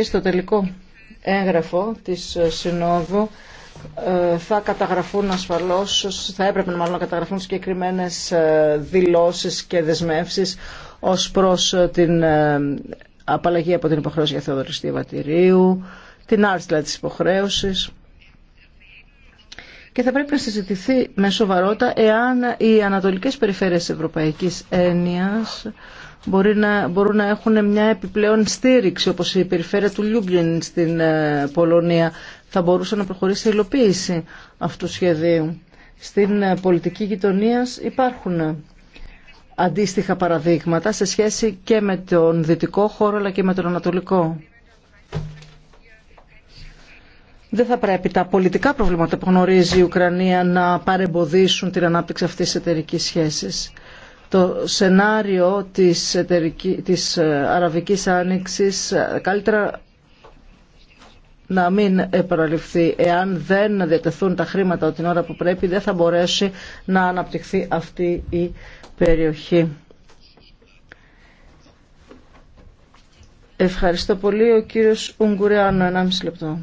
και στο τελικό έγγραφο της ε, Συνόδου ε, θα καταγραφούν ασφαλώς, θα έπρεπε μάλλον να καταγραφούν συγκεκριμένε ε, δηλώσεις και δεσμεύσεις ως προς την απαλλαγή από την υποχρέωση για Θεοδωριστή την άρση δηλαδή της υποχρέωσης και θα πρέπει να συζητηθεί με σοβαρότητα εάν οι ανατολικές περιφέρειες Ευρωπαϊκής Έννοιας μπορεί να, μπορούν να έχουν μια επιπλέον στήριξη όπως η περιφέρεια του Λιούμπλιν στην ε, Πολωνία θα μπορούσε να προχωρήσει η υλοποίηση αυτού του σχεδίου. Στην ε, πολιτική γειτονία υπάρχουν ε, αντίστοιχα παραδείγματα σε σχέση και με τον δυτικό χώρο αλλά και με τον ανατολικό. Δεν θα πρέπει τα πολιτικά προβλήματα που γνωρίζει η Ουκρανία να παρεμποδίσουν την ανάπτυξη αυτής της εταιρικής σχέσης το σενάριο της, της ε, Αραβικής Άνοιξης ε, καλύτερα να μην επαναληφθεί. Εάν δεν διατεθούν τα χρήματα την ώρα που πρέπει, δεν θα μπορέσει να αναπτυχθεί αυτή η περιοχή. Ευχαριστώ πολύ. Ο κύριος Ουγγουριάνο, 1,5 λεπτό.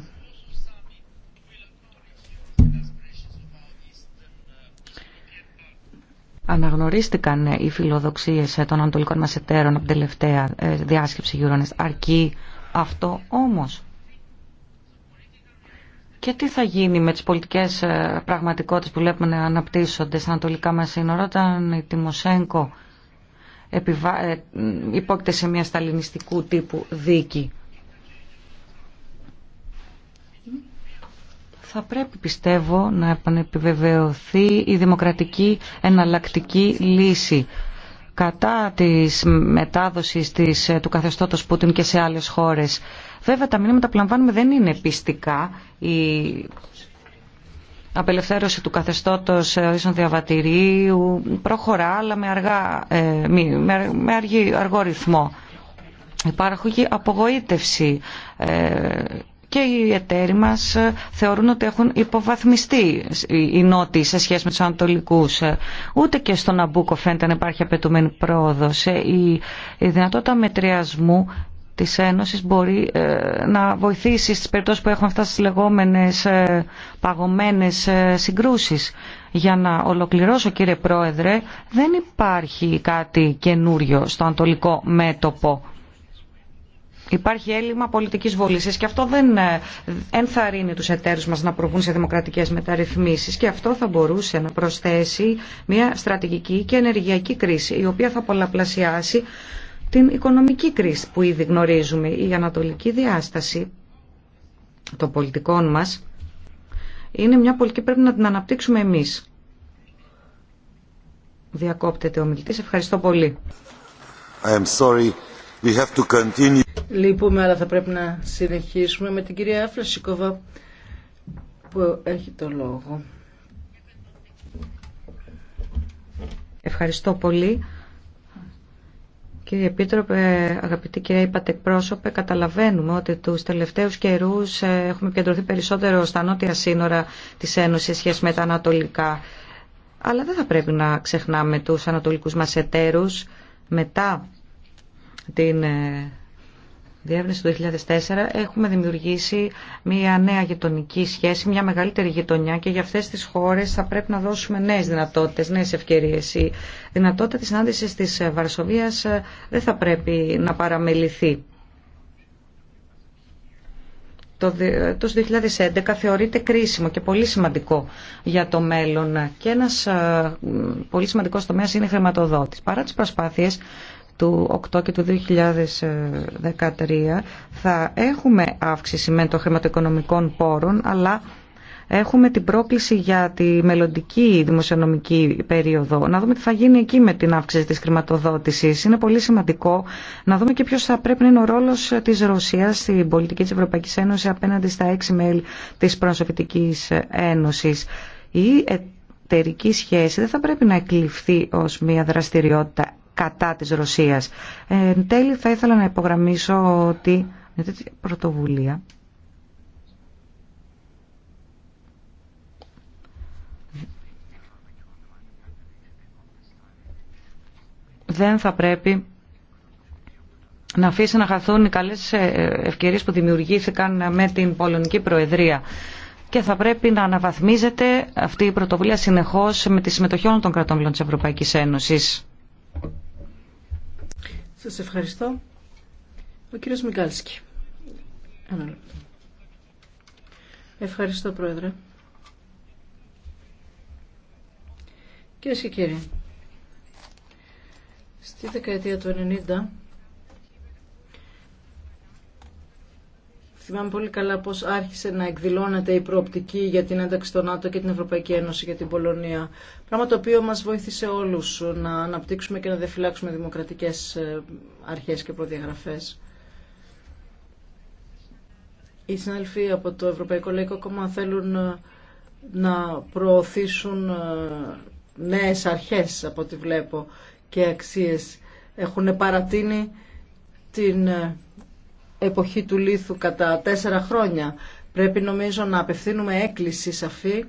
αναγνωρίστηκαν οι φιλοδοξίες των ανατολικών μας εταίρων από την τελευταία ε, διάσκεψη Euronest. Αρκεί αυτό όμως. Και τι θα γίνει με τις πολιτικές ε, πραγματικότητες που βλέπουμε να αναπτύσσονται στα ανατολικά μας σύνορα όταν η Τιμοσέγκο ε, υπόκειται σε μια σταλινιστικού τύπου δίκη. Θα πρέπει πιστεύω να επανεπιβεβαιωθεί η δημοκρατική εναλλακτική λύση κατά της μετάδοσης της, ε, του καθεστώτος Πούτιν και σε άλλες χώρες. Βέβαια τα μηνύματα που λαμβάνουμε δεν είναι πιστικά. Η απελευθέρωση του καθεστώτος ε, ίσων διαβατηρίου προχωρά αλλά με, αργά, ε, με αργή, αργό ρυθμό. Υπάρχει απογοήτευση και οι εταίροι μας ε, θεωρούν ότι έχουν υποβαθμιστεί οι νότιοι σε σχέση με τους ανατολικούς. Ε, ούτε και στον Αμπούκο φαίνεται να υπάρχει απαιτουμένη πρόοδος. Ε, η δυνατότητα μετριασμού της Ένωσης μπορεί να βοηθήσει στις περιπτώσεις που έχουν αυτά τι λεγόμενες παγωμένες συγκρούσεις. Για να ολοκληρώσω κύριε Πρόεδρε, δεν υπάρχει κάτι καινούριο στο ανατολικό μέτωπο Υπάρχει έλλειμμα πολιτικής βούλησης ε, και αυτό δεν ε, ενθαρρύνει τους εταίρους μας να προβούν σε δημοκρατικές μεταρρυθμίσεις και αυτό θα μπορούσε να προσθέσει μια στρατηγική και ενεργειακή κρίση η οποία θα πολλαπλασιάσει την οικονομική κρίση που ήδη γνωρίζουμε. Η ανατολική διάσταση των πολιτικών μας είναι μια πολιτική πρέπει να την αναπτύξουμε εμείς. Διακόπτεται ο μιλητής. Ευχαριστώ πολύ. sorry. We have to continue. Λυπούμε, αλλά θα πρέπει να συνεχίσουμε με την κυρία Φλασικόβα που έχει το λόγο. Ευχαριστώ πολύ. Κύριε Επίτροπε, αγαπητή κυρία είπατε πρόσωπε, καταλαβαίνουμε ότι τους τελευταίους καιρούς ε, έχουμε επικεντρωθεί περισσότερο στα νότια σύνορα της Ένωσης σχέση με τα ανατολικά. Αλλά δεν θα πρέπει να ξεχνάμε τους ανατολικούς μας εταίρους μετά την ε, διεύρυνση του 2004 έχουμε δημιουργήσει μια νέα γειτονική σχέση, μια μεγαλύτερη γειτονιά και για αυτές τις χώρες θα πρέπει να δώσουμε νέες δυνατότητες, νέες ευκαιρίες. Η δυνατότητα της συνάντησης της Βαρσοβίας ε, δεν θα πρέπει να παραμεληθεί. Το 2011 ε, θεωρείται κρίσιμο και πολύ σημαντικό για το μέλλον και ένας ε, πολύ σημαντικός τομέας είναι η χρηματοδότηση. Παρά τις προσπάθειες του 8 και του 2013 θα έχουμε αύξηση με το χρηματοοικονομικών πόρων, αλλά έχουμε την πρόκληση για τη μελλοντική δημοσιονομική περίοδο. Να δούμε τι θα γίνει εκεί με την αύξηση της χρηματοδότησης. Είναι πολύ σημαντικό να δούμε και ποιος θα πρέπει να είναι ο ρόλος της Ρωσίας στην πολιτική της Ευρωπαϊκής Ένωσης απέναντι στα έξι μέλη της Προσωπητικής Ένωσης. Η εταιρική σχέση δεν θα πρέπει να εκλειφθεί ως μια δραστηριότητα κατά της Ρωσίας. Ε, τέλει θα ήθελα να υπογραμμίσω ότι με τέτοια πρωτοβουλία δεν θα πρέπει να αφήσει να χαθούν οι καλές ε, ευκαιρίες που δημιουργήθηκαν με την Πολωνική Προεδρία και θα πρέπει να αναβαθμίζεται αυτή η πρωτοβουλία συνεχώς με τη συμμετοχή όλων των κρατών της Ευρωπαϊκής Ένωσης. Σας ευχαριστώ. Ο κύριος Μιγκάλσκι. Ευχαριστώ, Πρόεδρε. Κυρίε και κύριοι, στη δεκαετία του 90 Θυμάμαι πολύ καλά πώς άρχισε να εκδηλώνεται η προοπτική για την ένταξη στο ΝΑΤΟ και την Ευρωπαϊκή Ένωση για την Πολωνία. Πράγμα το οποίο μας βοήθησε όλους να αναπτύξουμε και να διαφυλάξουμε δημοκρατικές ε, αρχές και προδιαγραφές. Οι συνάδελφοι από το Ευρωπαϊκό Λαϊκό Κόμμα θέλουν ε, να προωθήσουν ε, νέες αρχές από ό,τι βλέπω και αξίες. Έχουν παρατείνει την εποχή του λίθου κατά τέσσερα χρόνια. Πρέπει νομίζω να απευθύνουμε έκκληση σαφή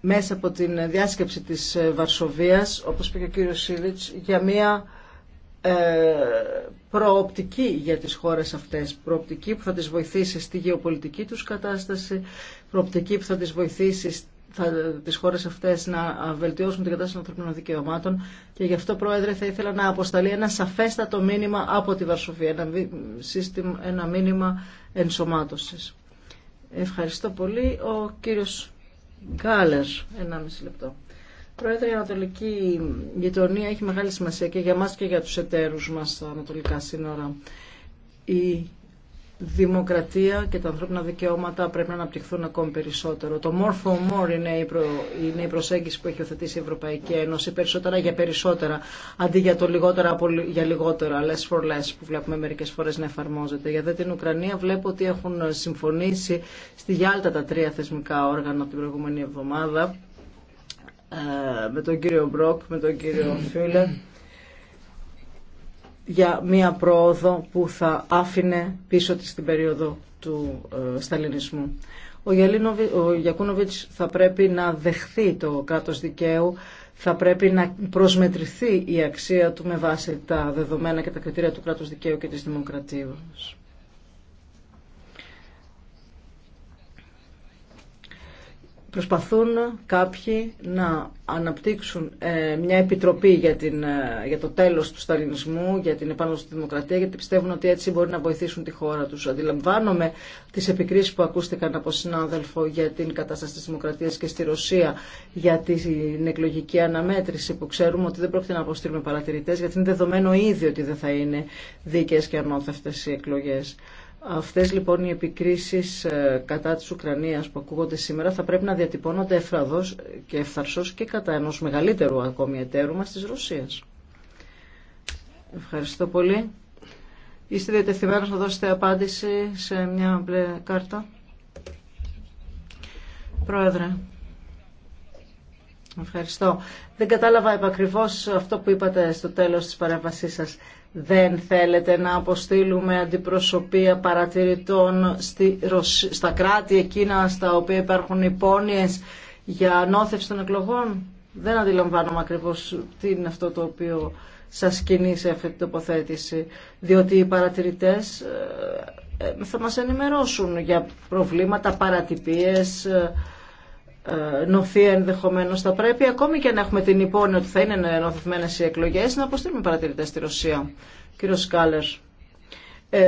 μέσα από την διάσκεψη της Βαρσοβίας, όπως είπε και ο κύριος Σίλιτς, για μια ε, προοπτική για τις χώρες αυτές, προοπτική που θα τις βοηθήσει στη γεωπολιτική τους κατάσταση, προοπτική που θα τις βοηθήσει τι χώρε αυτέ να βελτιώσουν την κατάσταση των ανθρωπίνων δικαιωμάτων και γι' αυτό Πρόεδρε θα ήθελα να αποσταλεί ένα σαφέστατο μήνυμα από τη Βαρσοφία, ένα, σύστημα, ένα μήνυμα ενσωμάτωση. Ευχαριστώ πολύ. Ο κύριο Γκάλερ, 1,5 λεπτό. Πρόεδρε, η Ανατολική γειτονία έχει μεγάλη σημασία και για μας και για του εταίρου μα στα Ανατολικά σύνορα δημοκρατία και τα ανθρώπινα δικαιώματα πρέπει να αναπτυχθούν ακόμη περισσότερο. Το more for more είναι η, προσέγγιση που έχει οθετήσει η Ευρωπαϊκή Ένωση. Περισσότερα για περισσότερα, αντί για το λιγότερα από... για λιγότερα, less for less, που βλέπουμε μερικέ φορέ να εφαρμόζεται. Για την Ουκρανία βλέπω ότι έχουν συμφωνήσει στη Γιάλτα τα τρία θεσμικά όργανα την προηγούμενη εβδομάδα. Ε, με τον κύριο Μπροκ, με τον κύριο Φίλε για μία πρόοδο που θα άφηνε πίσω της την περίοδο του ε, σταλινισμού. Ο, ο Γιακούνοβιτς θα πρέπει να δεχθεί το κράτος δικαίου, θα πρέπει να προσμετρηθεί η αξία του με βάση τα δεδομένα και τα κριτήρια του κράτους δικαίου και της δημοκρατίας. προσπαθούν κάποιοι να αναπτύξουν ε, μια επιτροπή για, την, ε, για το τέλος του σταλινισμού, για την επάνωση στη δημοκρατία, γιατί πιστεύουν ότι έτσι μπορεί να βοηθήσουν τη χώρα τους. Αντιλαμβάνομαι τις επικρίσεις που ακούστηκαν από συνάδελφο για την κατάσταση της δημοκρατίας και στη Ρωσία, για την εκλογική αναμέτρηση που ξέρουμε ότι δεν πρόκειται να αποστείλουμε παρατηρητές, γιατί είναι δεδομένο ήδη ότι δεν θα είναι δίκαιες και ανώθευτες οι εκλογές. Αυτές λοιπόν οι επικρίσεις ε, κατά της Ουκρανίας που ακούγονται σήμερα θα πρέπει να διατυπώνονται εφραδός και ευθαρσός και κατά ενός μεγαλύτερου ακόμη εταίρου μας της Ρωσίας. Ευχαριστώ πολύ. Είστε διατεθειμένος να δώσετε απάντηση σε μια μπλε κάρτα. Πρόεδρε. Ευχαριστώ. Δεν κατάλαβα επακριβώς αυτό που είπατε στο τέλος της παρέμβασής σας. Δεν θέλετε να αποστείλουμε αντιπροσωπεία παρατηρητών στη, στα κράτη εκείνα στα οποία υπάρχουν υπόνοιες για ανώθευση των εκλογών. Δεν αντιλαμβάνομαι ακριβώς τι είναι αυτό το οποίο σας κινεί σε αυτή την τοποθέτηση. Διότι οι παρατηρητές ε, ε, θα μας ενημερώσουν για προβλήματα, παρατυπίες, ε, ε, νοθεί ενδεχομένω. Θα πρέπει ακόμη και αν έχουμε την υπόνοια ότι θα είναι νοθευμένε οι εκλογέ να αποστείλουμε παρατηρητέ στη Ρωσία. Κύριο Σκάλερ. Ε,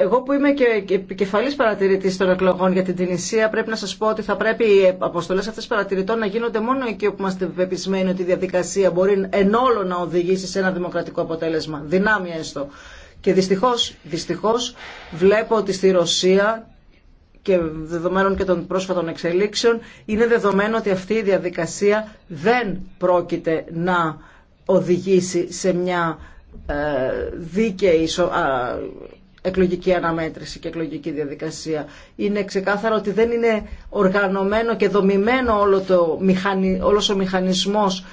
εγώ που είμαι και επικεφαλή παρατηρητής των εκλογών για την Τινησία πρέπει να σας πω ότι θα πρέπει οι αποστολές αυτές παρατηρητών να γίνονται μόνο εκεί όπου είμαστε πεπισμένοι ότι η διαδικασία μπορεί εν όλο να οδηγήσει σε ένα δημοκρατικό αποτέλεσμα. δυνάμια έστω. Και δυστυχώς, δυστυχώς βλέπω ότι στη Ρωσία και δεδομένων και των πρόσφατων εξελίξεων, είναι δεδομένο ότι αυτή η διαδικασία δεν πρόκειται να οδηγήσει σε μια ε, δίκαιη εκλογική αναμέτρηση και εκλογική διαδικασία. Είναι ξεκάθαρο ότι δεν είναι οργανωμένο και δομημένο όλο το όλος ο μηχανισμός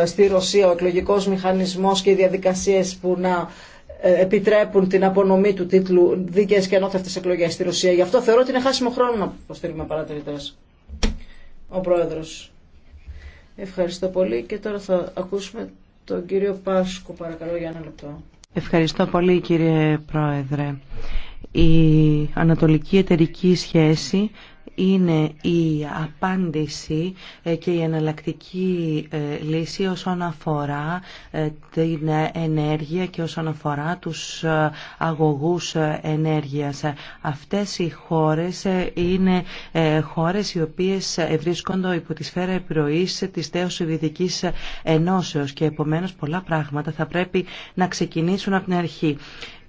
ε, στη Ρωσία, ο εκλογικός μηχανισμός και οι διαδικασίες που να ε, επιτρέπουν την απονομή του τίτλου δίκαιε και ανώθευτε εκλογέ στη Ρωσία. Γι' αυτό θεωρώ ότι είναι χάσιμο χρόνο να προσφέρουμε παρατηρητέ. Ο Πρόεδρο. Ευχαριστώ πολύ και τώρα θα ακούσουμε τον κύριο Πάσκο παρακαλώ για ένα λεπτό. Ευχαριστώ πολύ κύριε Πρόεδρε. Η ανατολική εταιρική σχέση είναι η απάντηση ε, και η εναλλακτική ε, λύση όσον αφορά ε, την ενέργεια και όσον αφορά τους αγωγούς ενέργειας. Αυτές οι χώρες είναι χώρες οι οποίες βρίσκονται υπό τη σφαίρα επιρροής της Τέος Ενώσεως και επομένως πολλά πράγματα θα πρέπει να ξεκινήσουν από την αρχή.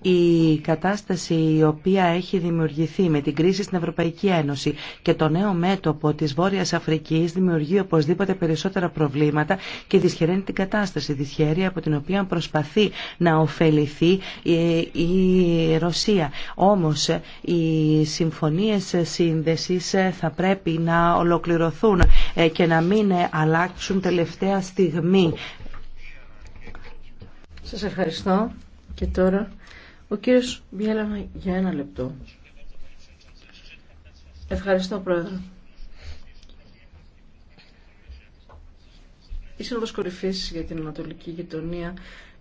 Η κατάσταση η οποία έχει δημιουργηθεί με την κρίση στην Ευρωπαϊκή Ένωση και το νέο μέτωπο της Βόρειας Αφρικής δημιουργεί οπωσδήποτε περισσότερα προβλήματα και δυσχεραίνει την κατάσταση, δυσχερεί από την οποία προσπαθεί να ωφεληθεί η Ρωσία. Όμως οι συμφωνίες σύνδεσης θα πρέπει να ολοκληρωθούν και να μην αλλάξουν τελευταία στιγμή. Σας ευχαριστώ και τώρα ο κύριος Μιέλα για ένα λεπτό. Ευχαριστώ πρόεδρε. Η Σύνοδος Κορυφής για την Ανατολική Γειτονία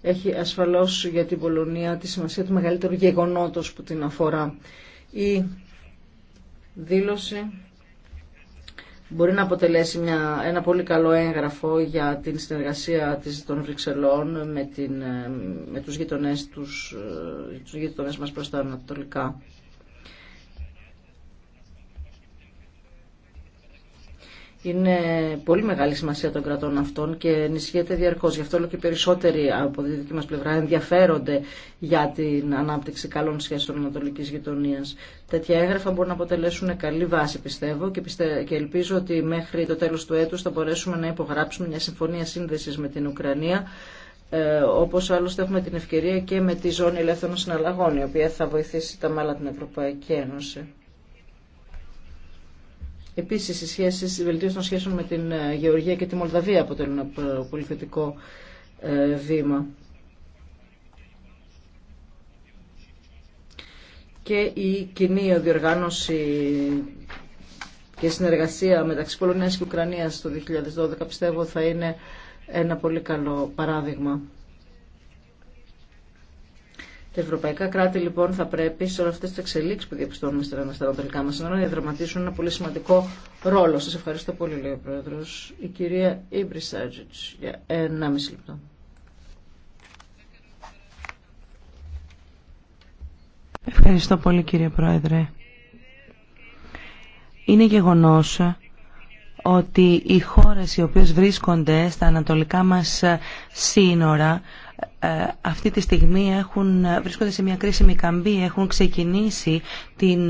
έχει ασφαλώς για την Πολωνία τη σημασία του μεγαλύτερου γεγονότος που την αφορά. Η δήλωση μπορεί να αποτελέσει μια, ένα πολύ καλό έγγραφο για την συνεργασία της, των Βρυξελών με, την, ε, με τους γειτονές, τους, ε, τους γειτονές μας προς τα ανατολικά. Είναι πολύ μεγάλη σημασία των κρατών αυτών και ενισχύεται διαρκώς. Γι' αυτό όλο και περισσότεροι από τη δική μας πλευρά ενδιαφέρονται για την ανάπτυξη καλών σχέσεων ανατολική γειτονία. Τέτοια έγγραφα μπορούν να αποτελέσουν καλή βάση, πιστεύω, και, πιστε... και ελπίζω ότι μέχρι το τέλος του έτους θα μπορέσουμε να υπογράψουμε μια συμφωνία σύνδεσης με την Ουκρανία ε, όπως άλλωστε έχουμε την ευκαιρία και με τη ζώνη ελεύθερων συναλλαγών, η οποία θα βοηθήσει τα μάλλα την Ευρωπαϊκή Ένωση. Επίση, οι σχέσει, η βελτίωση των σχέσεων με την ε, Γεωργία και τη Μολδαβία αποτελούν ένα ε, πολύ θετικό ε, βήμα. Και η κοινή διοργάνωση και συνεργασία μεταξύ Πολωνίας και Ουκρανίας το 2012 πιστεύω θα είναι ένα πολύ καλό παράδειγμα. Τα ευρωπαϊκά κράτη λοιπόν θα πρέπει σε όλε αυτέ τι εξελίξει που διαπιστώνουμε στα ανατολικά μα σύνορα να διαδραματίσουν ένα πολύ σημαντικό ρόλο. Σα ευχαριστώ πολύ, λέει ο Πρόεδρο. Η κυρία Ήμπρι για ένα μισή λεπτό. Ευχαριστώ πολύ κύριε Πρόεδρε. Είναι γεγονός ότι οι χώρες οι οποίες βρίσκονται στα ανατολικά μας ε, σύνορα ε, αυτή τη στιγμή έχουν, ε, βρίσκονται σε μια κρίσιμη καμπή, έχουν ξεκινήσει την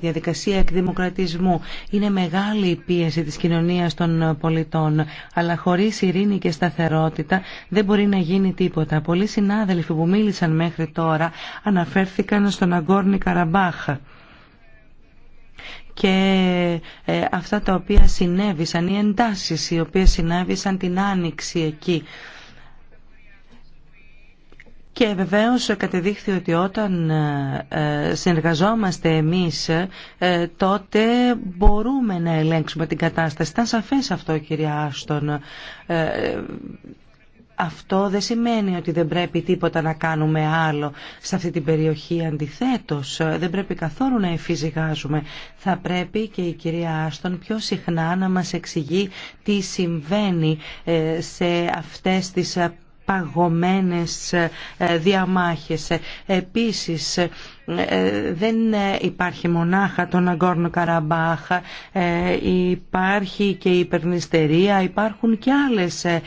διαδικασία εκδημοκρατισμού. Είναι μεγάλη η πίεση της κοινωνίας των πολιτών, αλλά χωρίς ειρήνη και σταθερότητα δεν μπορεί να γίνει τίποτα. Πολλοί συνάδελφοι που μίλησαν μέχρι τώρα αναφέρθηκαν στον Αγκόρνη Καραμπάχ και ε, αυτά τα οποία συνέβησαν, οι εντάσεις οι οποίες συνέβησαν την άνοιξη εκεί. Και βεβαίως κατεδείχθη ότι όταν ε, συνεργαζόμαστε εμείς ε, τότε μπορούμε να ελέγξουμε την κατάσταση. Ήταν σαφές αυτό κυρία Άστον. Αυτό δεν σημαίνει ότι δεν πρέπει τίποτα να κάνουμε άλλο σε αυτή την περιοχή. Αντιθέτως, δεν πρέπει καθόλου να εφηζηγάζουμε. Θα πρέπει και η κυρία Άστον πιο συχνά να μας εξηγεί τι συμβαίνει ε, σε αυτές τις παγωμένες ε, διαμάχες. Επίσης, δεν υπάρχει μονάχα τον Αγκόρνο Καραμπάχ, ε, υπάρχει και η Περνιστερία, υπάρχουν και άλλες ε,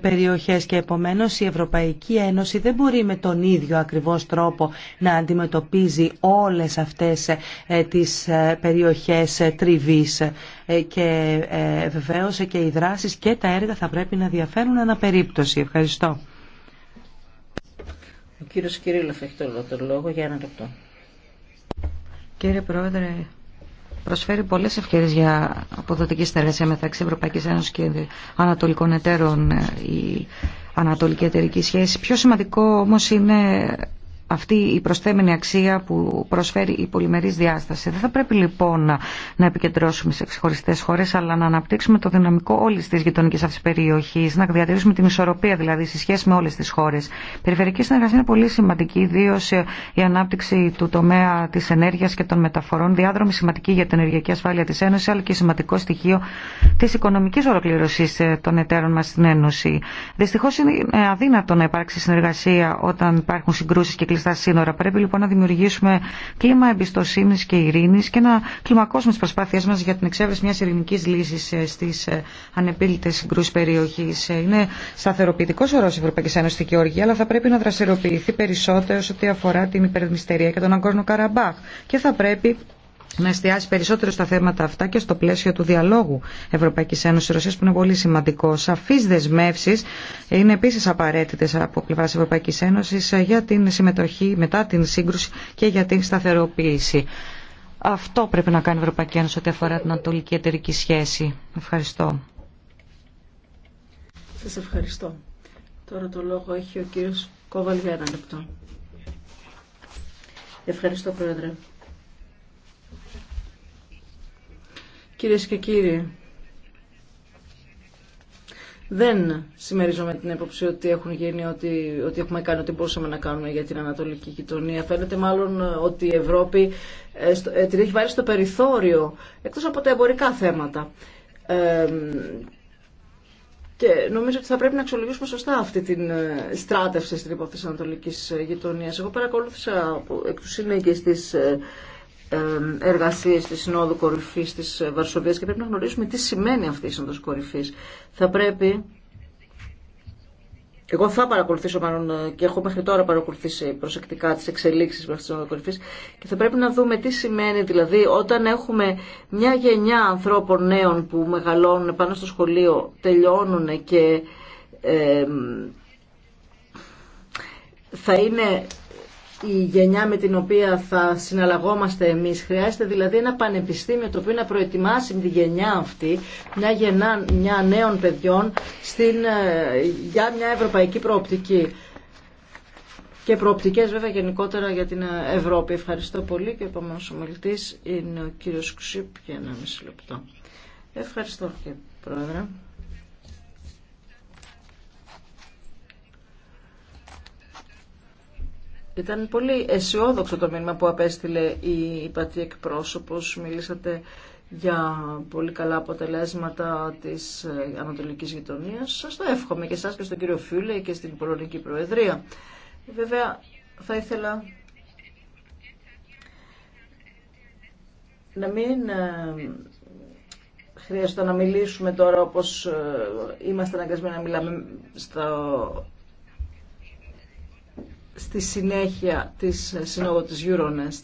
περιοχές και επομένως η Ευρωπαϊκή Ένωση δεν μπορεί με τον ίδιο ακριβώς τρόπο να αντιμετωπίζει όλες αυτές ε, τις περιοχές τριβής και βεβαίως και οι δράσεις και τα έργα θα πρέπει να διαφέρουν αναπερίπτωση. Ευχαριστώ. Ο κύριος Κυρίλοφ έχει το λόγο για ένα λεπτό. Κύριε Πρόεδρε, προσφέρει πολλέ ευκαιρίες για αποδοτική συνεργασία μεταξύ Ευρωπαϊκή Ένωση και Ανατολικών Εταίρων ε, η Ανατολική Εταιρική Σχέση. Πιο σημαντικό όμω είναι αυτή η προσθέμενη αξία που προσφέρει η πολυμερής διάσταση. Δεν θα πρέπει λοιπόν να, επικεντρώσουμε σε ξεχωριστέ χώρες, αλλά να αναπτύξουμε το δυναμικό όλης της γειτονικής αυτής περιοχής, να διατηρήσουμε την ισορροπία δηλαδή στη σχέση με όλες τις χώρες. Περιφερική περιφερειακή συνεργασία είναι πολύ σημαντική, ιδίω η ανάπτυξη του τομέα της ενέργειας και των μεταφορών, διάδρομη σημαντική για την ενεργειακή ασφάλεια της Ένωσης, αλλά και σημαντικό στοιχείο της οικονομικής ολοκληρωσής ε, των εταίρων μας στην Ένωση. Δυστυχώς είναι ε, αδύνατο να υπάρξει συνεργασία όταν υπάρχουν συγκρούσεις και κλειστά σύνορα. Πρέπει λοιπόν να δημιουργήσουμε κλίμα εμπιστοσύνη και ειρήνη και να κλιμακώσουμε τι προσπάθειέ μα για την εξέβρεση μια ειρηνική λύση ε, στι ε, ανεπίλητε συγκρούσει περιοχή. Ε, είναι σταθεροποιητικό ο Ρώσο Ευρωπαϊκή Ένωση στη Γεωργία, αλλά θα πρέπει να δραστηριοποιηθεί περισσότερο σε ό,τι αφορά την υπερδημιστερία και τον Αγκόρνο Καραμπάχ. Και θα πρέπει να εστιάσει περισσότερο στα θέματα αυτά και στο πλαίσιο του διαλόγου Ευρωπαϊκή Ένωση Ρωσίας που είναι πολύ σημαντικό. Σαφεί δεσμεύσει είναι επίση απαραίτητε από πλευράς Ευρωπαϊκή Ένωση για την συμμετοχή μετά την σύγκρουση και για την σταθεροποίηση. Αυτό πρέπει να κάνει η Ευρωπαϊκή Ένωση ό,τι αφορά την ανατολική εταιρική σχέση. Ευχαριστώ. Σα ευχαριστώ. Τώρα το λόγο έχει ο κύριο Κόβαλ για ένα λεπτό. Ευχαριστώ, Πρόεδρε. Κυρίε και κύριοι, δεν συμμερίζομαι την έποψη ότι, έχουν γίνει, ότι, ότι έχουμε κάνει ό,τι μπορούσαμε να κάνουμε για την Ανατολική Γειτονία. Φαίνεται μάλλον ότι η Ευρώπη ε, ε, την έχει βάλει στο περιθώριο, εκτός από τα εμπορικά θέματα. και νομίζω ότι θα πρέπει να αξιολογήσουμε σωστά αυτή την ε, στράτευση στην υπόθεση Ανατολική Γειτονία. Εγώ παρακολούθησα εκ του σύνεγγυ τη εργασίε τη Συνόδου Κορυφή τη Βαρσοβία και πρέπει να γνωρίσουμε τι σημαίνει αυτή η Σύνοδο Κορυφή. Θα πρέπει. Εγώ θα παρακολουθήσω μάλλον ε, και έχω μέχρι τώρα παρακολουθήσει προσεκτικά τι εξελίξει αυτή τη Σύνοδο Κορυφή και θα πρέπει να δούμε τι σημαίνει δηλαδή όταν έχουμε μια γενιά ανθρώπων νέων που μεγαλώνουν πάνω στο σχολείο, τελειώνουν και. θα είναι η γενιά με την οποία θα συναλλαγόμαστε εμείς. Χρειάζεται δηλαδή ένα πανεπιστήμιο το οποίο να προετοιμάσει τη γενιά αυτή, μια γενιά μια νέων παιδιών, στην, ε, για μια ευρωπαϊκή προοπτική. Και προοπτικές βέβαια γενικότερα για την ε, Ευρώπη. Ευχαριστώ πολύ και ο επόμενος ομιλητής είναι ο κύριος Κουσίπ για ένα μισή λεπτό. Ευχαριστώ και Πρόεδρε. Ήταν πολύ αισιόδοξο το μήνυμα που απέστειλε η Πατή εκπρόσωπος. Μιλήσατε για πολύ καλά αποτελέσματα της ε, Ανατολικής Γειτονίας. Σας το εύχομαι και σας και στον κύριο Φιούλε και στην Πολωνική Προεδρία. Βέβαια θα ήθελα να μην ε, χρειάζεται να μιλήσουμε τώρα όπως ε, είμαστε αναγκασμένοι να μιλάμε στο στη συνέχεια της συνόδου της Euronest.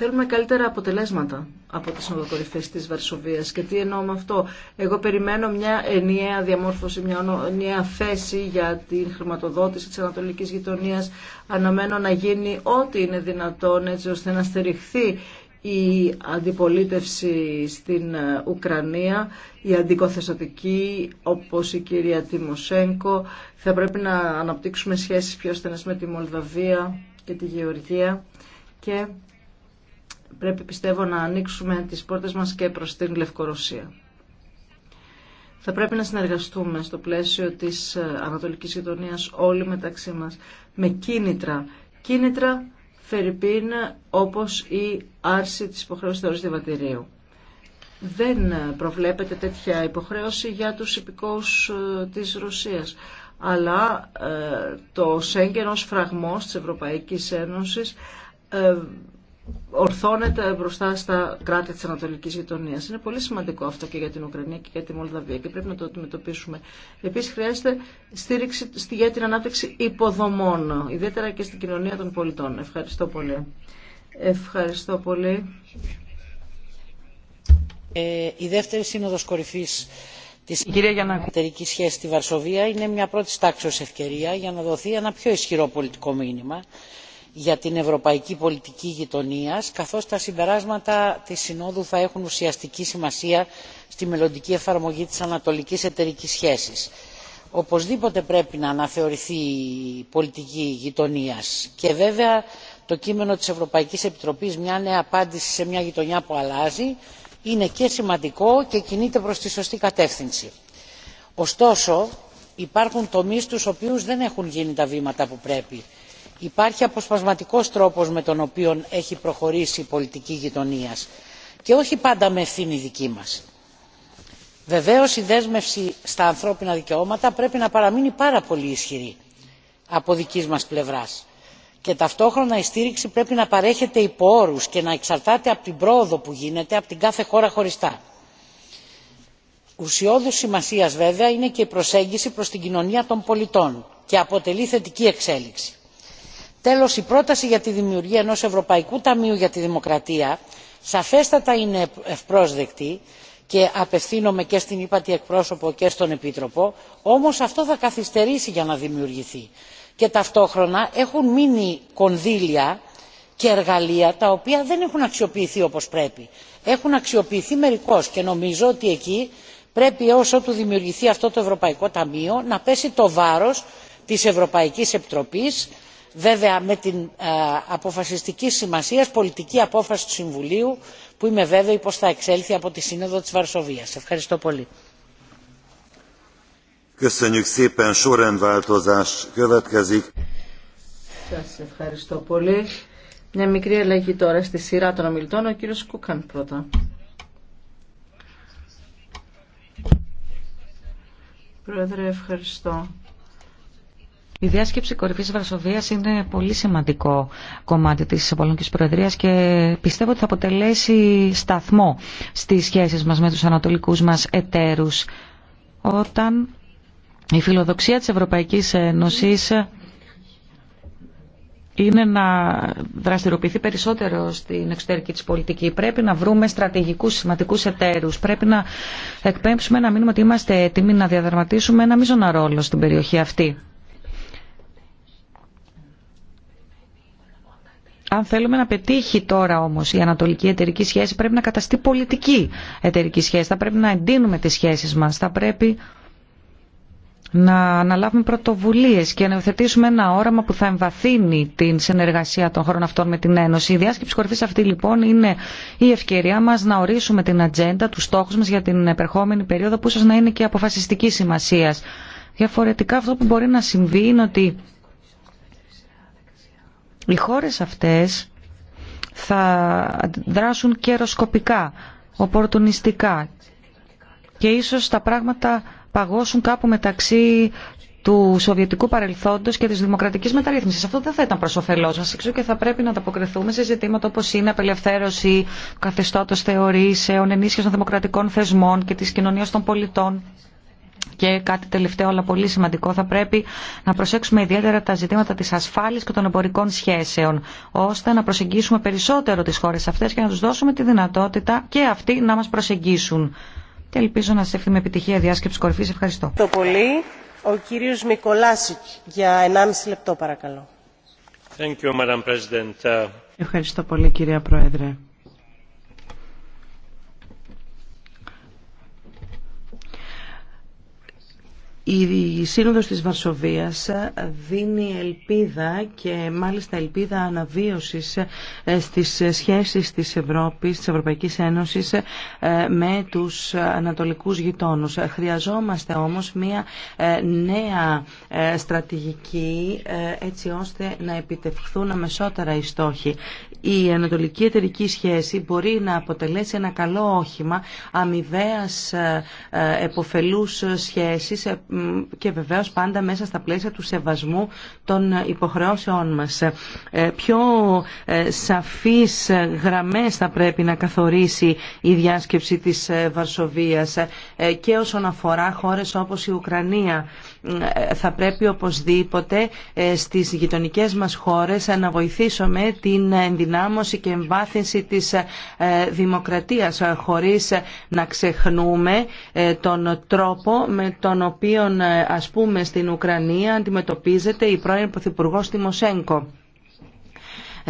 Θέλουμε καλύτερα αποτελέσματα από τις συνοδοκορυφές της Βαρσοβίας. Και τι εννοώ με αυτό. Εγώ περιμένω μια ενιαία διαμόρφωση, μια ενιαία θέση για την χρηματοδότηση της Ανατολικής Γειτονίας. Αναμένω να γίνει ό,τι είναι δυνατόν έτσι ώστε να στηριχθεί η αντιπολίτευση στην ε, Ουκρανία, η αντικοθεστατική όπως η κυρία Τιμοσέγκο. Θα πρέπει να αναπτύξουμε σχέσεις πιο στενές με τη Μολδαβία και τη Γεωργία και πρέπει πιστεύω να ανοίξουμε τις πόρτες μας και προς την Λευκορωσία. Θα πρέπει να συνεργαστούμε στο πλαίσιο της ε, Ανατολικής Γειτονίας όλοι μεταξύ μας με κίνητρα. Κίνητρα Φερρυπίν όπως η άρση της υποχρέωσης θεωρής διαβατηρίου. Δεν προβλέπεται τέτοια υποχρέωση για τους υπηκόους ε, της Ρωσίας. Αλλά ε, το Σέγγεν φραγμός της Ευρωπαϊκής Ένωσης ε, ορθώνεται μπροστά στα κράτη της Ανατολικής Γειτονίας. Είναι πολύ σημαντικό αυτό και για την Ουκρανία και για τη Μολδαβία και πρέπει να το αντιμετωπίσουμε. Επίσης χρειάζεται στήριξη για την ανάπτυξη υποδομών, ιδιαίτερα και στην κοινωνία των πολιτών. Ευχαριστώ πολύ. Ευχαριστώ πολύ. Ε, η δεύτερη σύνοδος κορυφής της εταιρική σχέση στη Βαρσοβία είναι μια πρώτη τάξη ευκαιρία για να δοθεί ένα πιο ισχυρό πολιτικό μήνυμα για την ευρωπαϊκή πολιτική γειτονίας καθώς τα συμπεράσματα της συνόδου θα έχουν ουσιαστική σημασία στη μελλοντική εφαρμογή της ανατολικής εταιρικής σχέσης. οπωσδήποτε πρέπει να αναθεωρηθεί η πολιτική γειτονίας και βέβαια το κείμενο της ευρωπαϊκής επιτροπής μια νέα απάντηση σε μια γειτονιά που αλλάζει είναι και σημαντικό και κινείται προς τη σωστή κατεύθυνση. ωστόσο υπάρχουν τομείς στους οποίους δεν έχουν γίνει τα βήματα που πρέπει υπάρχει αποσπασματικός τρόπος με τον οποίο έχει προχωρήσει η πολιτική γειτονίας και όχι πάντα με ευθύνη δική μας. βεβαίως η δέσμευση στα ανθρώπινα δικαιώματα πρέπει να παραμείνει πάρα πολύ ισχυρή από δικής μας πλευράς και ταυτόχρονα η στήριξη πρέπει να παρέχεται υπό όρους και να εξαρτάται από την πρόοδο που γίνεται από την κάθε χώρα χωριστά. ουσιώδους σημασίας βέβαια είναι και η προσέγγιση προς την κοινωνία των πολιτών και αποτελεί θετική εξέλιξη τέλος η πρόταση για τη δημιουργία ενός ευρωπαϊκού ταμείου για τη δημοκρατία σαφέστατα είναι ευπρόσδεκτη και απευθύνομαι και στην ύπατη εκπρόσωπο και στον επίτροπο όμως αυτό θα καθυστερήσει για να δημιουργηθεί και ταυτόχρονα έχουν μείνει κονδύλια και εργαλεία τα οποία δεν έχουν αξιοποιηθεί όπως πρέπει. έχουν αξιοποιηθεί μερικώς και νομίζω ότι εκεί πρέπει όσο ότου δημιουργηθεί αυτό το ευρωπαϊκό ταμείο να πέσει το βάρος της Ευρωπαϊκή επιτροπής βέβαια με την ε, αποφασιστική σημασία πολιτική απόφαση του συμβουλίου που είμαι βέβαιη πως θα εξέλθει από τη σύνοδο της βαρσοβίας. ευχαριστώ πολύ. Σας ευχαριστώ πολύ. Μια μικρή αλλαγή τώρα στη σειρά των ομιλητών. Ο κύριος Κούκαν πρώτα. Πρόεδρε, ευχαριστώ. Η διάσκεψη κορυφή Βαρσοβία είναι πολύ σημαντικό κομμάτι τη Πολωνική Προεδρία και πιστεύω ότι θα αποτελέσει σταθμό στι σχέσει μα με του ανατολικού μα εταίρου όταν η φιλοδοξία της Ευρωπαϊκής Ένωσης είναι να δραστηριοποιηθεί περισσότερο στην εξωτερική της πολιτική. Πρέπει να βρούμε στρατηγικούς σημαντικούς εταίρους. Πρέπει να εκπέμψουμε ένα μήνυμα ότι είμαστε έτοιμοι να διαδραματίσουμε ένα μείζωνα ρόλο στην περιοχή αυτή. Αν θέλουμε να πετύχει τώρα όμω η ανατολική εταιρική σχέση, πρέπει να καταστεί πολιτική εταιρική σχέση. Θα πρέπει να εντείνουμε τι σχέσει μα. Θα πρέπει να αναλάβουμε πρωτοβουλίε και να υιοθετήσουμε ένα όραμα που θα εμβαθύνει την συνεργασία των χωρών αυτών με την Ένωση. Η διάσκεψη κορυφή αυτή λοιπόν είναι η ευκαιρία μα να ορίσουμε την ατζέντα, του στόχου μα για την επερχόμενη περίοδο που ίσω να είναι και αποφασιστική σημασία. Διαφορετικά αυτό που μπορεί να συμβεί είναι ότι οι χώρες αυτές θα δράσουν καιροσκοπικά, οπορτουνιστικά και ίσως τα πράγματα παγώσουν κάπου μεταξύ του σοβιετικού παρελθόντος και της δημοκρατικής μεταρρύθμισης. Αυτό δεν θα ήταν προς όφελός μας, εξού και θα πρέπει να ανταποκριθούμε σε ζητήματα όπως είναι απελευθέρωση καθεστώτος θεωρήσεων, ενίσχυση των δημοκρατικών θεσμών και της κοινωνίας των πολιτών. Και κάτι τελευταίο, αλλά πολύ σημαντικό, θα πρέπει να προσέξουμε ιδιαίτερα τα ζητήματα της ασφάλεια και των εμπορικών σχέσεων, ώστε να προσεγγίσουμε περισσότερο τι χώρε αυτές και να τους δώσουμε τη δυνατότητα και αυτοί να μας προσεγγίσουν. Και ελπίζω να στεφθεί εύχομαι με επιτυχία διάσκεψη κορυφή. Ευχαριστώ. Ευχαριστώ πολύ. Ο κύριος Μικολάσικ για 1,5 λεπτό παρακαλώ. Ευχαριστώ πολύ κυρία Πρόεδρε. Η Σύνοδος της Βαρσοβίας δίνει ελπίδα και μάλιστα ελπίδα αναβίωσης ε, στις σχέσεις της Ευρώπης, της Ευρωπαϊκής Ένωσης ε, με τους ανατολικούς γειτόνους. Χρειαζόμαστε όμως μια ε, νέα στρατηγική έτσι ώστε να επιτευχθούν αμεσότερα οι στόχοι. Η ανατολική εταιρική σχέση μπορεί να αποτελέσει ένα καλό όχημα αμοιβαίας εποφελούς σχέσεις και βεβαίω πάντα μέσα στα πλαίσια του σεβασμού των υποχρεώσεών μα. Ε, πιο ε, σαφής γραμμέ θα πρέπει να καθορίσει η διάσκεψη της ε, Βαρσοβίας και όσον αφορά χώρε όπως η Ουκρανία θα πρέπει οπωσδήποτε ε, στις γειτονικές μας χώρες να βοηθήσουμε την ενδυνάμωση και εμβάθυνση της ε, δημοκρατίας χωρίς να ξεχνούμε ε, τον τρόπο με τον οποίο ας πούμε στην Ουκρανία αντιμετωπίζεται η πρώην Πρωθυπουργός Τιμοσέγκο.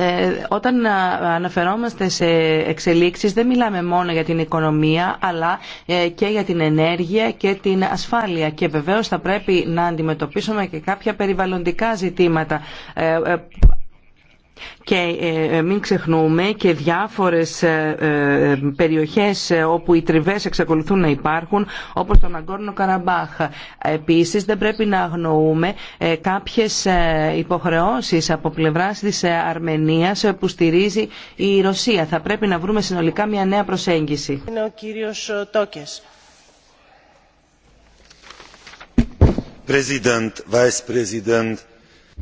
Ε, όταν ε, αναφερόμαστε σε εξελίξεις δεν μιλάμε μόνο για την οικονομία αλλά ε, και για την ενέργεια και την ασφάλεια και βεβαίως θα πρέπει να αντιμετωπίσουμε και κάποια περιβαλλοντικά ζητήματα και ε, ε, μην ξεχνούμε και διάφορες ε, περιοχές όπου οι τριβές εξακολουθούν να υπάρχουν, όπως τον Αγκόρνο Καραμπάχ. Επίσης δεν πρέπει να αγνοούμε κάποιες υποχρεώσεις από πλευράς της Αρμενίας που στηρίζει η Ρωσία. Θα πρέπει να βρούμε συνολικά μια νέα προσέγγιση. Είναι ο κύριος Τόκες.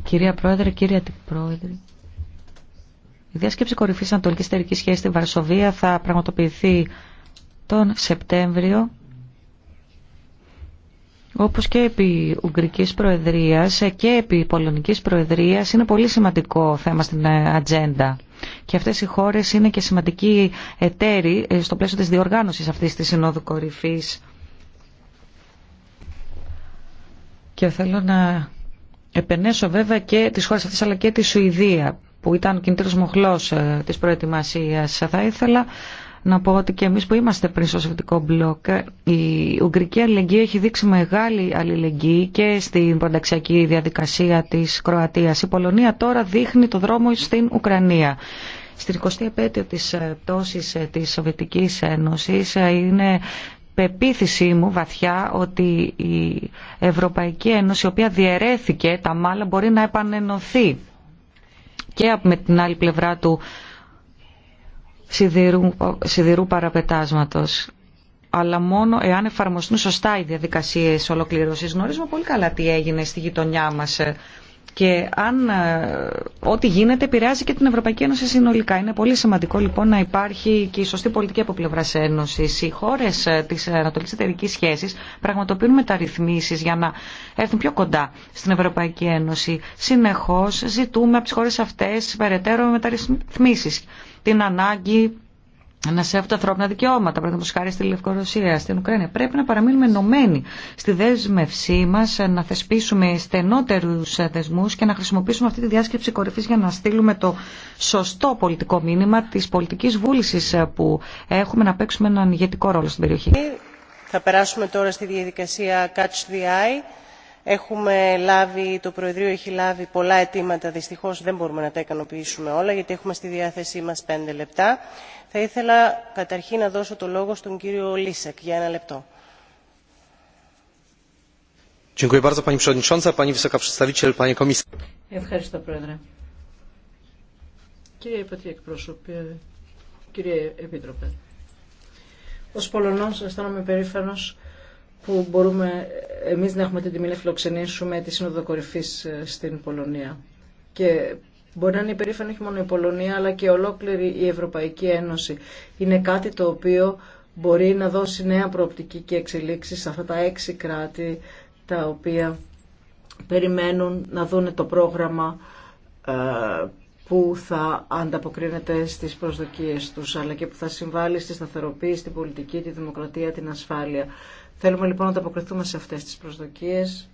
Κυρία Πρόεδρε, κύριε Αντιπρόεδρε, η διάσκεψη κορυφή Ανατολική Εταιρική Σχέση στη Βαρσοβία θα πραγματοποιηθεί τον Σεπτέμβριο όπως και επί Ουγγρικής Προεδρίας και επί Πολωνικής Προεδρίας είναι πολύ σημαντικό θέμα στην ε, ατζέντα. Και αυτές οι χώρες είναι και σημαντικοί εταίροι ε, στο πλαίσιο της διοργάνωσης αυτής της Συνόδου Κορυφής. Και θέλω να επενέσω βέβαια και τις χώρες αυτές αλλά και τη Σουηδία που ήταν κινητήρο μοχλό τη ε, της προετοιμασίας. Θα ήθελα να πω ότι και εμείς που είμαστε πριν στο Σοβιτικό Μπλοκ, ε, η Ουγγρική Αλληλεγγύη έχει δείξει μεγάλη αλληλεγγύη και στην πανταξιακή διαδικασία της Κροατίας. Η Πολωνία τώρα δείχνει το δρόμο στην Ουκρανία. Στην 20η επέτειο της ε, πτώσης της Σοβιετικής Ένωσης είναι πεποίθησή μου βαθιά ότι η Ευρωπαϊκή Ένωση, η οποία διαιρέθηκε τα μάλλα, μπορεί να επανενωθεί και με την άλλη πλευρά του σιδηρού, σιδηρού παραπετάσματος αλλά μόνο εάν εφαρμοστούν σωστά οι διαδικασίες ολοκληρώσεις. Γνωρίζουμε πολύ καλά τι έγινε στη γειτονιά μας ε, και αν ε, ό,τι γίνεται επηρεάζει και την Ευρωπαϊκή Ένωση συνολικά. Είναι πολύ σημαντικό λοιπόν να υπάρχει και η σωστή πολιτική από πλευρά Ένωση. Οι χώρε ε, τη Ανατολική Εταιρική Σχέση πραγματοποιούν μεταρρυθμίσει για να έρθουν πιο κοντά στην Ευρωπαϊκή Ένωση. Συνεχώ ζητούμε από τι χώρε αυτέ περαιτέρω μεταρρυθμίσει. Την ανάγκη να σέβονται ανθρώπινα δικαιώματα, παραδείγματο χάρη στη Λευκορωσία, στην Ουκρανία. Πρέπει να παραμείνουμε ενωμένοι στη δέσμευσή μα, να θεσπίσουμε στενότερου δεσμού και να χρησιμοποιήσουμε αυτή τη διάσκεψη κορυφή για να στείλουμε το σωστό πολιτικό μήνυμα τη πολιτική βούληση που έχουμε να παίξουμε έναν ηγετικό ρόλο στην περιοχή. Θα περάσουμε τώρα στη διαδικασία Catch the Eye. Έχουμε λάβει, το Προεδρείο έχει λάβει πολλά αιτήματα, δυστυχώς δεν μπορούμε να τα ικανοποιήσουμε όλα, γιατί έχουμε στη διάθεσή μας πέντε λεπτά. Θα ήθελα καταρχήν να δώσω το λόγο στον κύριο Λίσεκ για ένα λεπτό. Ευχαριστώ, Πρόεδρε. Κύριε Υπατή κύριε Επίτροπε, ως Πολωνός αισθάνομαι περήφανο που μπορούμε Εμεί να έχουμε την τιμή να φιλοξενήσουμε τη Σύνοδο Κορυφή ε, στην Πολωνία. Και Μπορεί να είναι υπερήφανη όχι μόνο η Πολωνία αλλά και ολόκληρη η Ευρωπαϊκή Ένωση. Είναι κάτι το οποίο μπορεί να δώσει νέα προοπτική και εξελίξει σε αυτά τα έξι κράτη τα οποία περιμένουν να δούνε το πρόγραμμα ε, που θα ανταποκρίνεται στις προσδοκίες τους, αλλά και που θα συμβάλλει στη σταθεροποίηση, στην πολιτική, τη δημοκρατία, την ασφάλεια. Θέλουμε λοιπόν να ανταποκριθούμε σε αυτές τις προσδοκίες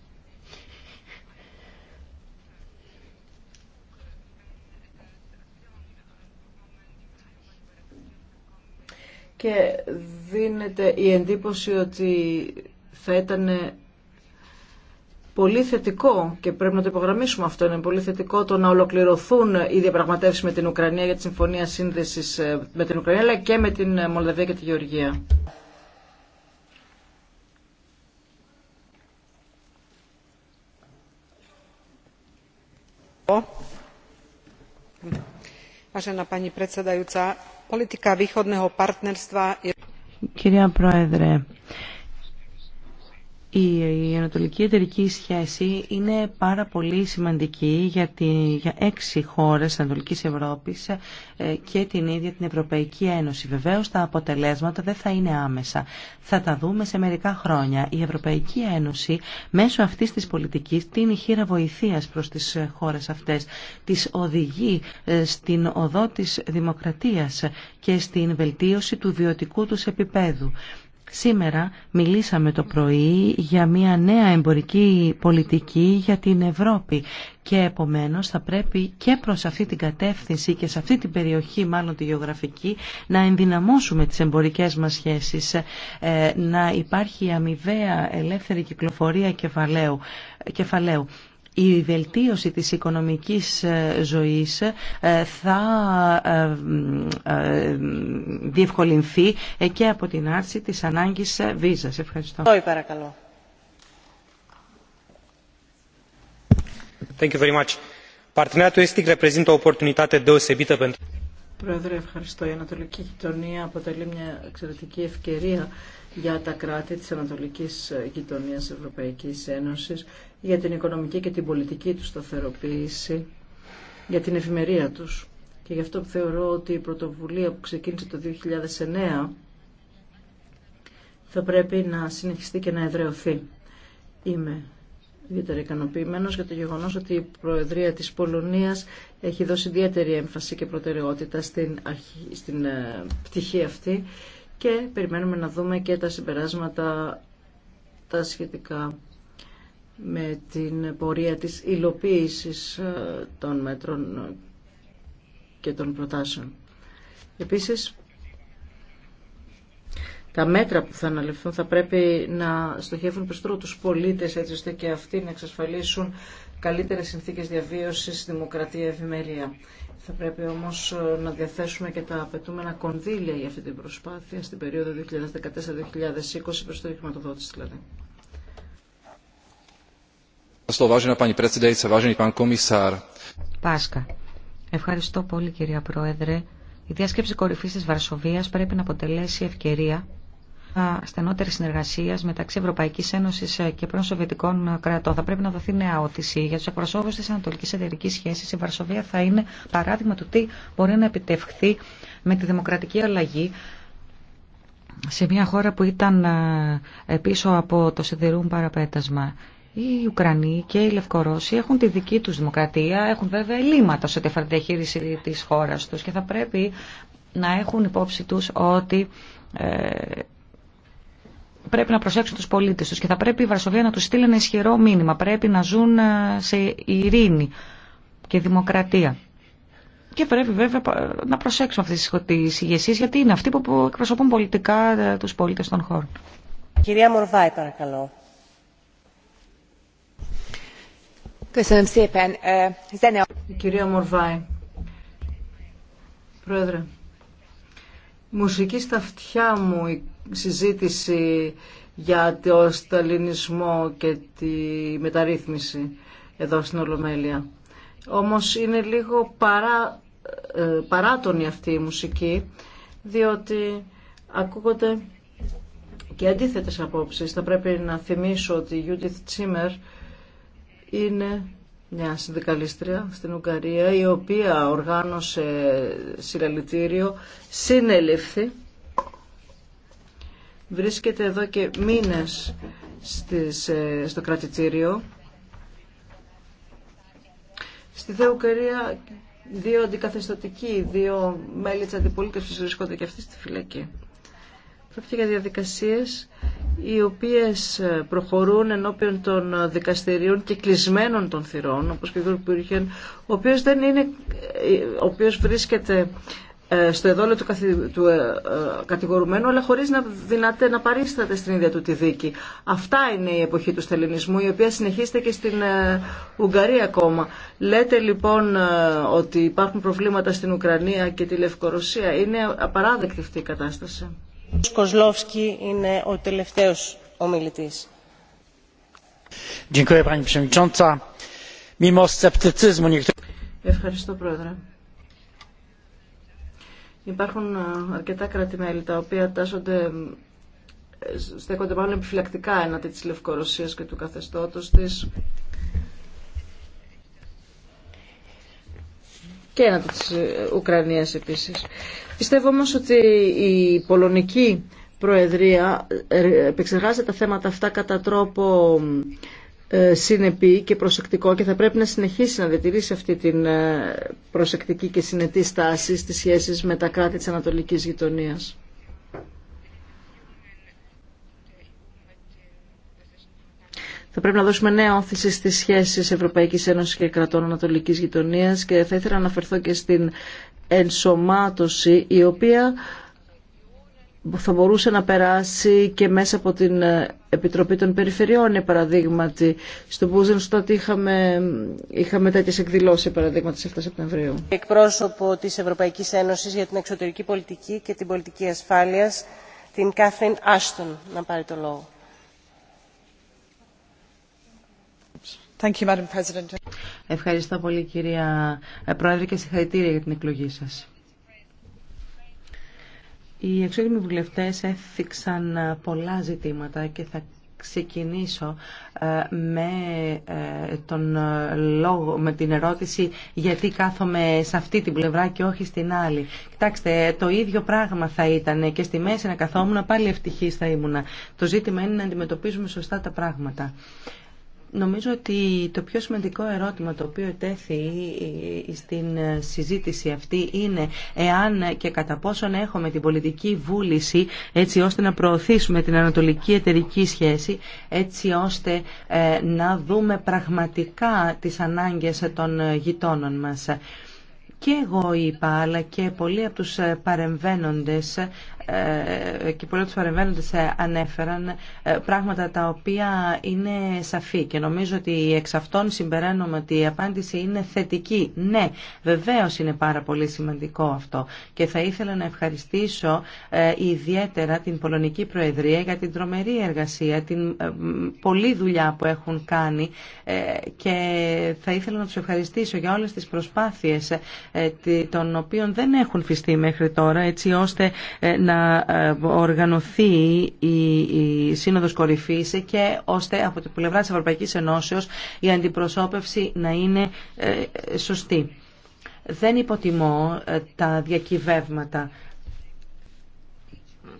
και δίνεται η εντύπωση ότι θα ήταν πολύ θετικό και πρέπει να το υπογραμμίσουμε αυτό. Είναι πολύ θετικό το να ολοκληρωθούν οι διαπραγματεύσεις με την Ουκρανία για τη συμφωνία σύνδεσης ε, με την Ουκρανία αλλά και με την ε, Μολδαβία και τη Γεωργία. Politika Východného partnerstva je... Η ανατολική εταιρική σχέση είναι πάρα πολύ σημαντική για, τη, για έξι χώρες Ανατολικής Ευρώπης ε, και την ίδια την Ευρωπαϊκή Ένωση. Βεβαίως τα αποτελέσματα δεν θα είναι άμεσα. Θα τα δούμε σε μερικά χρόνια. Η Ευρωπαϊκή Ένωση μέσω αυτής της πολιτικής την χείρα βοηθείας προς τις χώρες αυτές. της οδηγεί ε, στην οδό της δημοκρατίας και στην βελτίωση του βιωτικού τους επίπεδου. Σήμερα μιλήσαμε το πρωί για μια νέα εμπορική πολιτική για την Ευρώπη και επομένως θα πρέπει και προς αυτή την κατεύθυνση και σε αυτή την περιοχή μάλλον τη γεωγραφική να ενδυναμώσουμε τις εμπορικές μας σχέσεις, ε, να υπάρχει αμοιβαία ελεύθερη κυκλοφορία κεφαλαίου. κεφαλαίου. Η βελτίωση της οικονομικής ε, ζωής ε, θα ε, διευκολυνθεί και από την άρση της ανάγκης βίζας. Ευχαριστώ. Παρακαλώ. Thank you very much. Parteneriatul Estic reprezintă o oportunitate deosebită pentru Πρόεδρε, ευχαριστώ. Η Ανατολική Γειτονία αποτελεί μια εξαιρετική ευκαιρία για τα κράτη της Ανατολικής Γειτονίας Ευρωπαϊκής Ένωσης, για την οικονομική και την πολιτική τους σταθεροποίηση, για την ευημερία τους. Και γι' αυτό θεωρώ ότι η πρωτοβουλία που ξεκίνησε το 2009 θα πρέπει να συνεχιστεί και να εδραιωθεί. Είμαι ιδιαίτερα ικανοποιημένο για το γεγονό ότι η Προεδρία τη Πολωνία έχει δώσει ιδιαίτερη έμφαση και προτεραιότητα στην, στην ε, πτυχή αυτή και περιμένουμε να δούμε και τα συμπεράσματα τα σχετικά με την πορεία της υλοποίησης ε, των μέτρων και των προτάσεων. Επίσης, τα μέτρα που θα αναλυφθούν θα πρέπει να στοχεύουν πριν τους πολίτες έτσι ώστε και αυτοί να εξασφαλίσουν καλύτερες συνθήκες διαβίωσης, δημοκρατία, ευημερία. Θα πρέπει όμως ε, να διαθέσουμε και τα απαιτούμενα κονδύλια για αυτή την προσπάθεια στην περίοδο 2014-2020 προς το χρηματοδότηση δηλαδή. Πάσκα. Ευχαριστώ πολύ κυρία Πρόεδρε. Η διάσκεψη κορυφής της Βαρσοβίας πρέπει να αποτελέσει ευκαιρία στενότερη συνεργασία μεταξύ Ευρωπαϊκή Ένωση ε, και πρώην Σοβιετικών ε, κρατών. Θα πρέπει να δοθεί νέα όθηση. Για του εκπροσώπου τη Ανατολική Εταιρική Σχέση, η Βαρσοβία θα είναι παράδειγμα του τι μπορεί να επιτευχθεί με τη δημοκρατική αλλαγή σε μια χώρα που ήταν ε, πίσω από το σιδηρούν παραπέτασμα. Οι Ουκρανοί και οι Λευκορώσοι έχουν τη δική τους δημοκρατία, έχουν βέβαια ελλείμματα σε τη διαχείριση της χώρας τους και θα πρέπει να έχουν υπόψη τους ότι πρέπει να προσέξουν τους πολίτες τους και θα πρέπει η Βαρσοβία να τους στείλει ένα ισχυρό μήνυμα. Πρέπει να ζουν ε, σε ειρήνη και δημοκρατία. Και πρέπει βέβαια να προσέξουμε αυτές τις ηγεσίες γιατί είναι αυτοί που εκπροσωπούν πολιτικά ε, τους πολίτες των χώρων. Κυρία Μορβάη παρακαλώ. Κυρία Μορβάη, Πρόεδρε, μουσική στα αυτιά μου συζήτηση για το σταλινισμό και τη μεταρρύθμιση εδώ στην Ολομέλεια. Όμως είναι λίγο παρά, ε, παράτονη αυτή η μουσική, διότι ακούγονται και αντίθετες απόψεις. Θα πρέπει να θυμίσω ότι η Judith Τσίμερ είναι μια συνδικαλίστρια στην Ουγγαρία, η οποία οργάνωσε συλλαλητήριο, συνελήφθη βρίσκεται εδώ και μήνες στις, ε, στο κρατητήριο. Στη Θεοκαρία δύο αντικαθεστατικοί, δύο μέλη της αντιπολίτευσης βρίσκονται και αυτοί στη φυλακή. Πρόκειται για διαδικασίες οι οποίες προχωρούν ενώπιον των δικαστηρίων και κλεισμένων των θυρών, όπως και ο οποίος δεν είναι, ε, ο οποίος βρίσκεται ε, στο εδόλιο του, ε, ε, κατηγορουμένου, αλλά χωρίς να δυνατέ να παρίσταται στην ίδια του τη δίκη. Αυτά είναι η εποχή του στελινισμού, η οποία συνεχίζεται και στην Ουγγαρία ακόμα. Λέτε λοιπόν ότι υπάρχουν προβλήματα στην Ουκρανία και τη Λευκορωσία. Είναι απαράδεκτη αυτή η κατάσταση. Ο είναι ο τελευταίος Ευχαριστώ, Πρόεδρε. Υπάρχουν ε, αρκετά κράτη-μέλη τα οποία τάσσονται ε, στέκονται μάλλον επιφυλακτικά έναντι της Λευκορωσίας και του καθεστώτος της και έναντι της ε, Ουκρανίας επίσης. Πιστεύω όμως ότι η πολωνική Προεδρία επεξεργάζεται τα θέματα αυτά κατά τρόπο ε, συνεπή και προσεκτικό και θα πρέπει να συνεχίσει να διατηρήσει αυτή την ε, προσεκτική και συνετή στάση στις σχέσεις με τα κράτη της Ανατολικής Γειτονίας. Θα πρέπει να δώσουμε νέα όθηση στις σχέσεις Ευρωπαϊκής Ένωσης και κρατών Ανατολικής Γειτονίας και θα ήθελα να αναφερθώ και στην ενσωμάτωση η οποία θα μπορούσε να περάσει και μέσα από την ε, Επιτροπή των Περιφερειών, παραδείγματι. Στο Μπούζενστατ είχαμε, είχαμε τέτοιε εκδηλώσει, παραδείγματι, σε 7 Σεπτεμβρίου. Εκπρόσωπο τη Ευρωπαϊκή Ένωση για την Εξωτερική Πολιτική και την Πολιτική Ασφάλεια, την Κάθριν Άστον, να πάρει το λόγο. Thank you, Madam Ευχαριστώ πολύ, κυρία ε, Πρόεδρε, και συγχαρητήρια για την εκλογή σας. Οι εξωτερικοί βουλευτές έθιξαν ε, πολλά ζητήματα και θα ξεκινήσω ε, με, ε, τον λόγο, με την ερώτηση γιατί κάθομαι σε αυτή την πλευρά και όχι στην άλλη. Κοιτάξτε, το ίδιο πράγμα θα ήταν και στη μέση να καθόμουν, πάλι ευτυχής θα ήμουνα. Το ζήτημα είναι να αντιμετωπίζουμε σωστά τα πράγματα. Νομίζω ότι το πιο σημαντικό ερώτημα το οποίο τέθη ε, ε, στην ε, συζήτηση αυτή είναι εάν και κατά πόσον έχουμε την πολιτική βούληση έτσι ώστε να προωθήσουμε την ανατολική εταιρική σχέση έτσι ώστε να δούμε πραγματικά τις ανάγκες των γειτόνων μας. Και εγώ είπα, αλλά και πολλοί από τους παρεμβαίνοντες ε, και πολλοί από τους παρεμβαίνοντες ε, ανέφεραν ε, πράγματα τα οποία είναι σαφή και νομίζω ότι εξ αυτών συμπεραίνουμε ότι η απάντηση είναι θετική. Ναι, βεβαίως είναι πάρα πολύ σημαντικό αυτό και θα ήθελα να ευχαριστήσω ιδιαίτερα την Πολωνική Προεδρία για την τρομερή εργασία, την πολλή δουλειά που έχουν κάνει και θα ήθελα να τους ευχαριστήσω για όλες τις προσπάθειες των οποίων δεν έχουν φυστεί μέχρι τώρα έτσι ώστε να να ε, οργανωθεί η Σύνοδος Κορυφής και ώστε από την πλευρά της Ευρωπαϊκής Ενώσεω η αντιπροσώπευση να είναι ε, σωστή. Δεν υποτιμώ ε, τα διακυβεύματα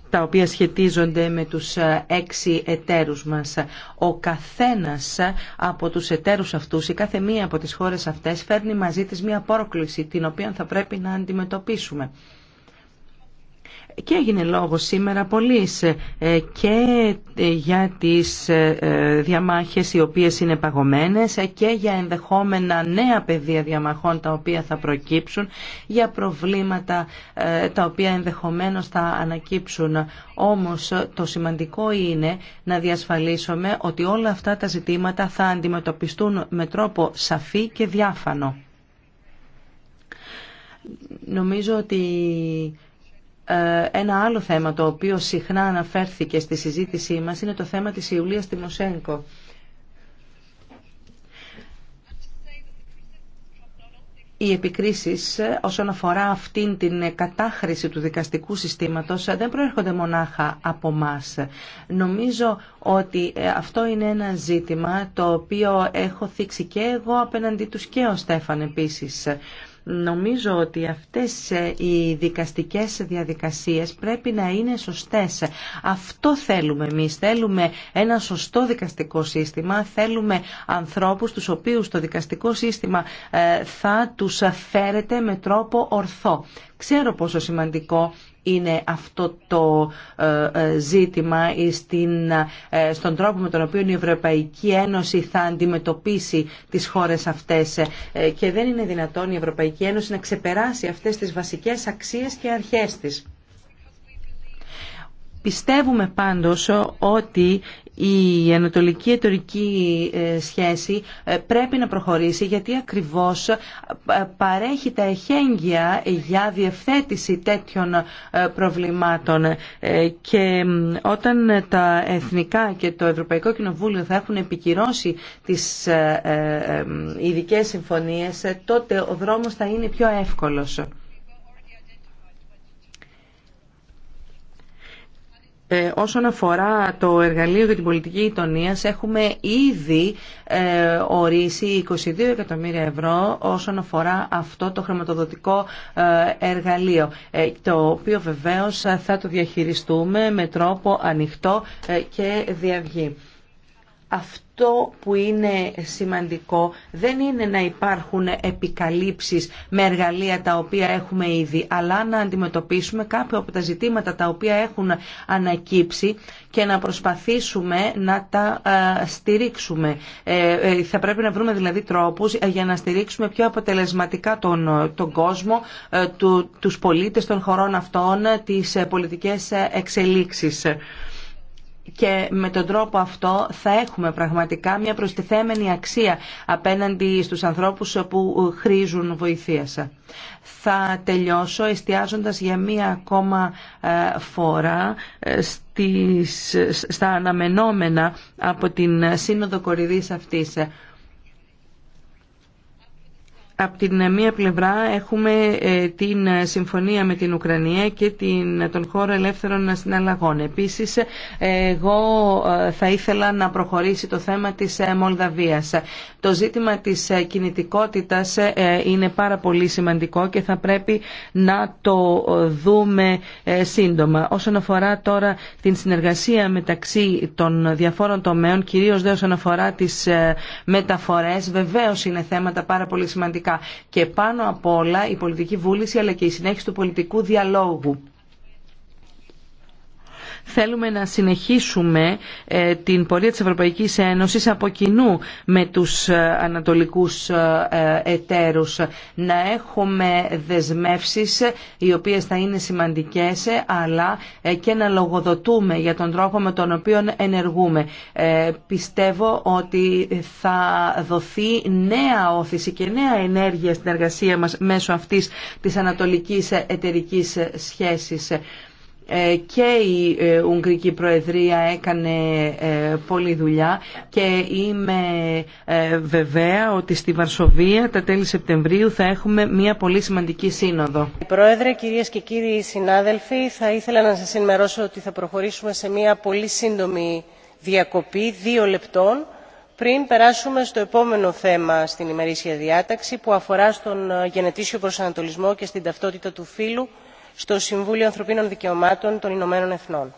τα οποία σχετίζονται με τους έξι εταίρους μας. Ο καθένας από τους εταίρους αυτούς, η κάθε μία από τις χώρες αυτές, φέρνει μαζί της μία πρόκληση, την οποία θα πρέπει να αντιμετωπίσουμε και έγινε λόγο σήμερα πολλής ε, και ε, για τις ε, διαμάχες οι οποίες είναι παγωμένες και για ενδεχόμενα νέα πεδία διαμαχών τα οποία θα προκύψουν, για προβλήματα τα οποία ενδεχομένως θα ανακύψουν. Όμως το σημαντικό είναι να διασφαλίσουμε ότι όλα αυτά τα ζητήματα θα αντιμετωπιστούν με τρόπο σαφή και διάφανο. Νομίζω ότι ε, ένα άλλο θέμα το οποίο συχνά αναφέρθηκε στη συζήτησή μας είναι το θέμα της Ιουλίας Τιμοσένκο. οι επικρίσεις ε, όσον αφορά αυτήν την κατάχρηση του δικαστικού συστήματος ε, δεν προέρχονται μονάχα από μας. Νομίζω ότι αυτό είναι ένα ζήτημα το οποίο έχω θίξει και εγώ απέναντί τους και ο Στέφαν επίσης. Νομίζω ότι αυτές ε, οι δικαστικές διαδικασίες πρέπει να είναι σωστές. Αυτό θέλουμε εμείς. Θέλουμε ένα σωστό δικαστικό σύστημα. Θέλουμε ανθρώπους τους οποίους το δικαστικό σύστημα ε, θα τους φέρεται με τρόπο ορθό. Ξέρω πόσο σημαντικό είναι αυτό το ε, ε, ζήτημα ε, στον τρόπο με τον οποίο η Ευρωπαϊκή Ένωση θα αντιμετωπίσει τις χώρες αυτές και δεν είναι δυνατόν η Ευρωπαϊκή Ένωση να ξεπεράσει αυτές τις βασικές αξίες και αρχές της. Πιστεύουμε πάντως ότι η ανατολική ετορική ε, σχέση ε, πρέπει να προχωρήσει γιατί ακριβώς ε, παρέχει τα εχέγγυα για διευθέτηση τέτοιων προβλημάτων και όταν τα Εθνικά και το Ευρωπαϊκό Κοινοβούλιο θα έχουν επικυρώσει τις ειδικέ συμφωνίες τότε ο δρόμος θα είναι πιο εύκολος. Ε, όσον αφορά το εργαλείο για την πολιτική γειτονία, έχουμε ήδη ε, ορίσει 22 εκατομμύρια ευρώ όσον αφορά αυτό το χρηματοδοτικό ε, εργαλείο, το οποίο βεβαίως θα το διαχειριστούμε με τρόπο ανοιχτό και διαυγή αυτό που είναι σημαντικό δεν είναι να υπάρχουν επικαλύψεις με εργαλεία τα οποία έχουμε ήδη, αλλά να αντιμετωπίσουμε κάποια από τα ζητήματα τα οποία έχουν ανακύψει και να προσπαθήσουμε να τα ε, στηρίξουμε. Ε, ε, θα πρέπει να βρούμε δηλαδή τρόπους για να στηρίξουμε πιο αποτελεσματικά τον, τον κόσμο, του, τους πολίτες των χωρών αυτών, τις πολιτικές εξελίξεις και με τον τρόπο αυτό θα έχουμε πραγματικά μια προστιθέμενη αξία απέναντι στους ανθρώπους που χρήζουν σας. Θα τελειώσω εστιάζοντας για μία ακόμα ε, φορά ε, στα αναμενόμενα από την Σύνοδο Κορυδής αυτής από την μία πλευρά έχουμε ε, την συμφωνία με την Ουκρανία και την, τον χώρο ελεύθερων συναλλαγών. Επίσης, ε, εγώ ε, θα ήθελα να προχωρήσει το θέμα της Μολδαβίας. Το ζήτημα της κινητικότητας είναι πάρα πολύ σημαντικό και θα πρέπει να το δούμε σύντομα. Όσον αφορά τώρα την συνεργασία μεταξύ των διαφόρων τομέων, κυρίως δε όσον αφορά τις μεταφορές, βεβαίως είναι θέματα πάρα πολύ σημαντικά και πάνω απ' όλα η πολιτική βούληση αλλά και η συνέχιση του πολιτικού διαλόγου θέλουμε να συνεχίσουμε ε, την πορεία της Ευρωπαϊκής Ένωσης από κοινού με τους ε, ανατολικούς ε, εταίρους. Να έχουμε δεσμεύσεις οι οποίες θα είναι σημαντικές αλλά και να λογοδοτούμε για τον τρόπο με τον οποίο ενεργούμε. Πιστεύω ότι θα δοθεί νέα όθηση και νέα ενέργεια στην εργασία μας μέσω αυτής της ανατολικής εταιρικής σχέσης. Ε, και η ε, Ουγγρική Προεδρία έκανε ε, πολλή δουλειά και είμαι βεβαία ότι στη Βαρσοβία τα τέλη Σεπτεμβρίου θα έχουμε μια πολύ σημαντική σύνοδο. Πρόεδρε, κυρίες και κύριοι συνάδελφοι, θα ήθελα να σας ενημερώσω ότι θα προχωρήσουμε σε μια πολύ σύντομη διακοπή, δύο λεπτών, πριν περάσουμε στο επόμενο θέμα στην ημερήσια διάταξη που αφορά στον γενετήσιο προσανατολισμό και στην ταυτότητα του φύλου στο Συμβούλιο Ανθρωπίνων Δικαιωμάτων των Ηνωμένων Εθνών.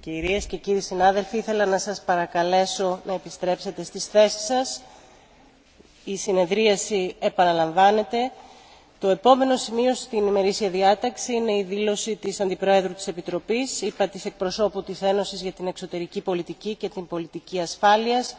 Κυρίες και κύριοι συνάδελφοι, ήθελα να σας παρακαλέσω να επιστρέψετε στις θέσεις σας. Η συνεδρίαση επαναλαμβάνεται. Το επόμενο σημείο στην ημερήσια διάταξη είναι η δήλωση της Αντιπροέδρου της Επιτροπής, είπα της εκπροσώπου της Ένωσης για την Εξωτερική Πολιτική και την Πολιτική Ασφάλειας,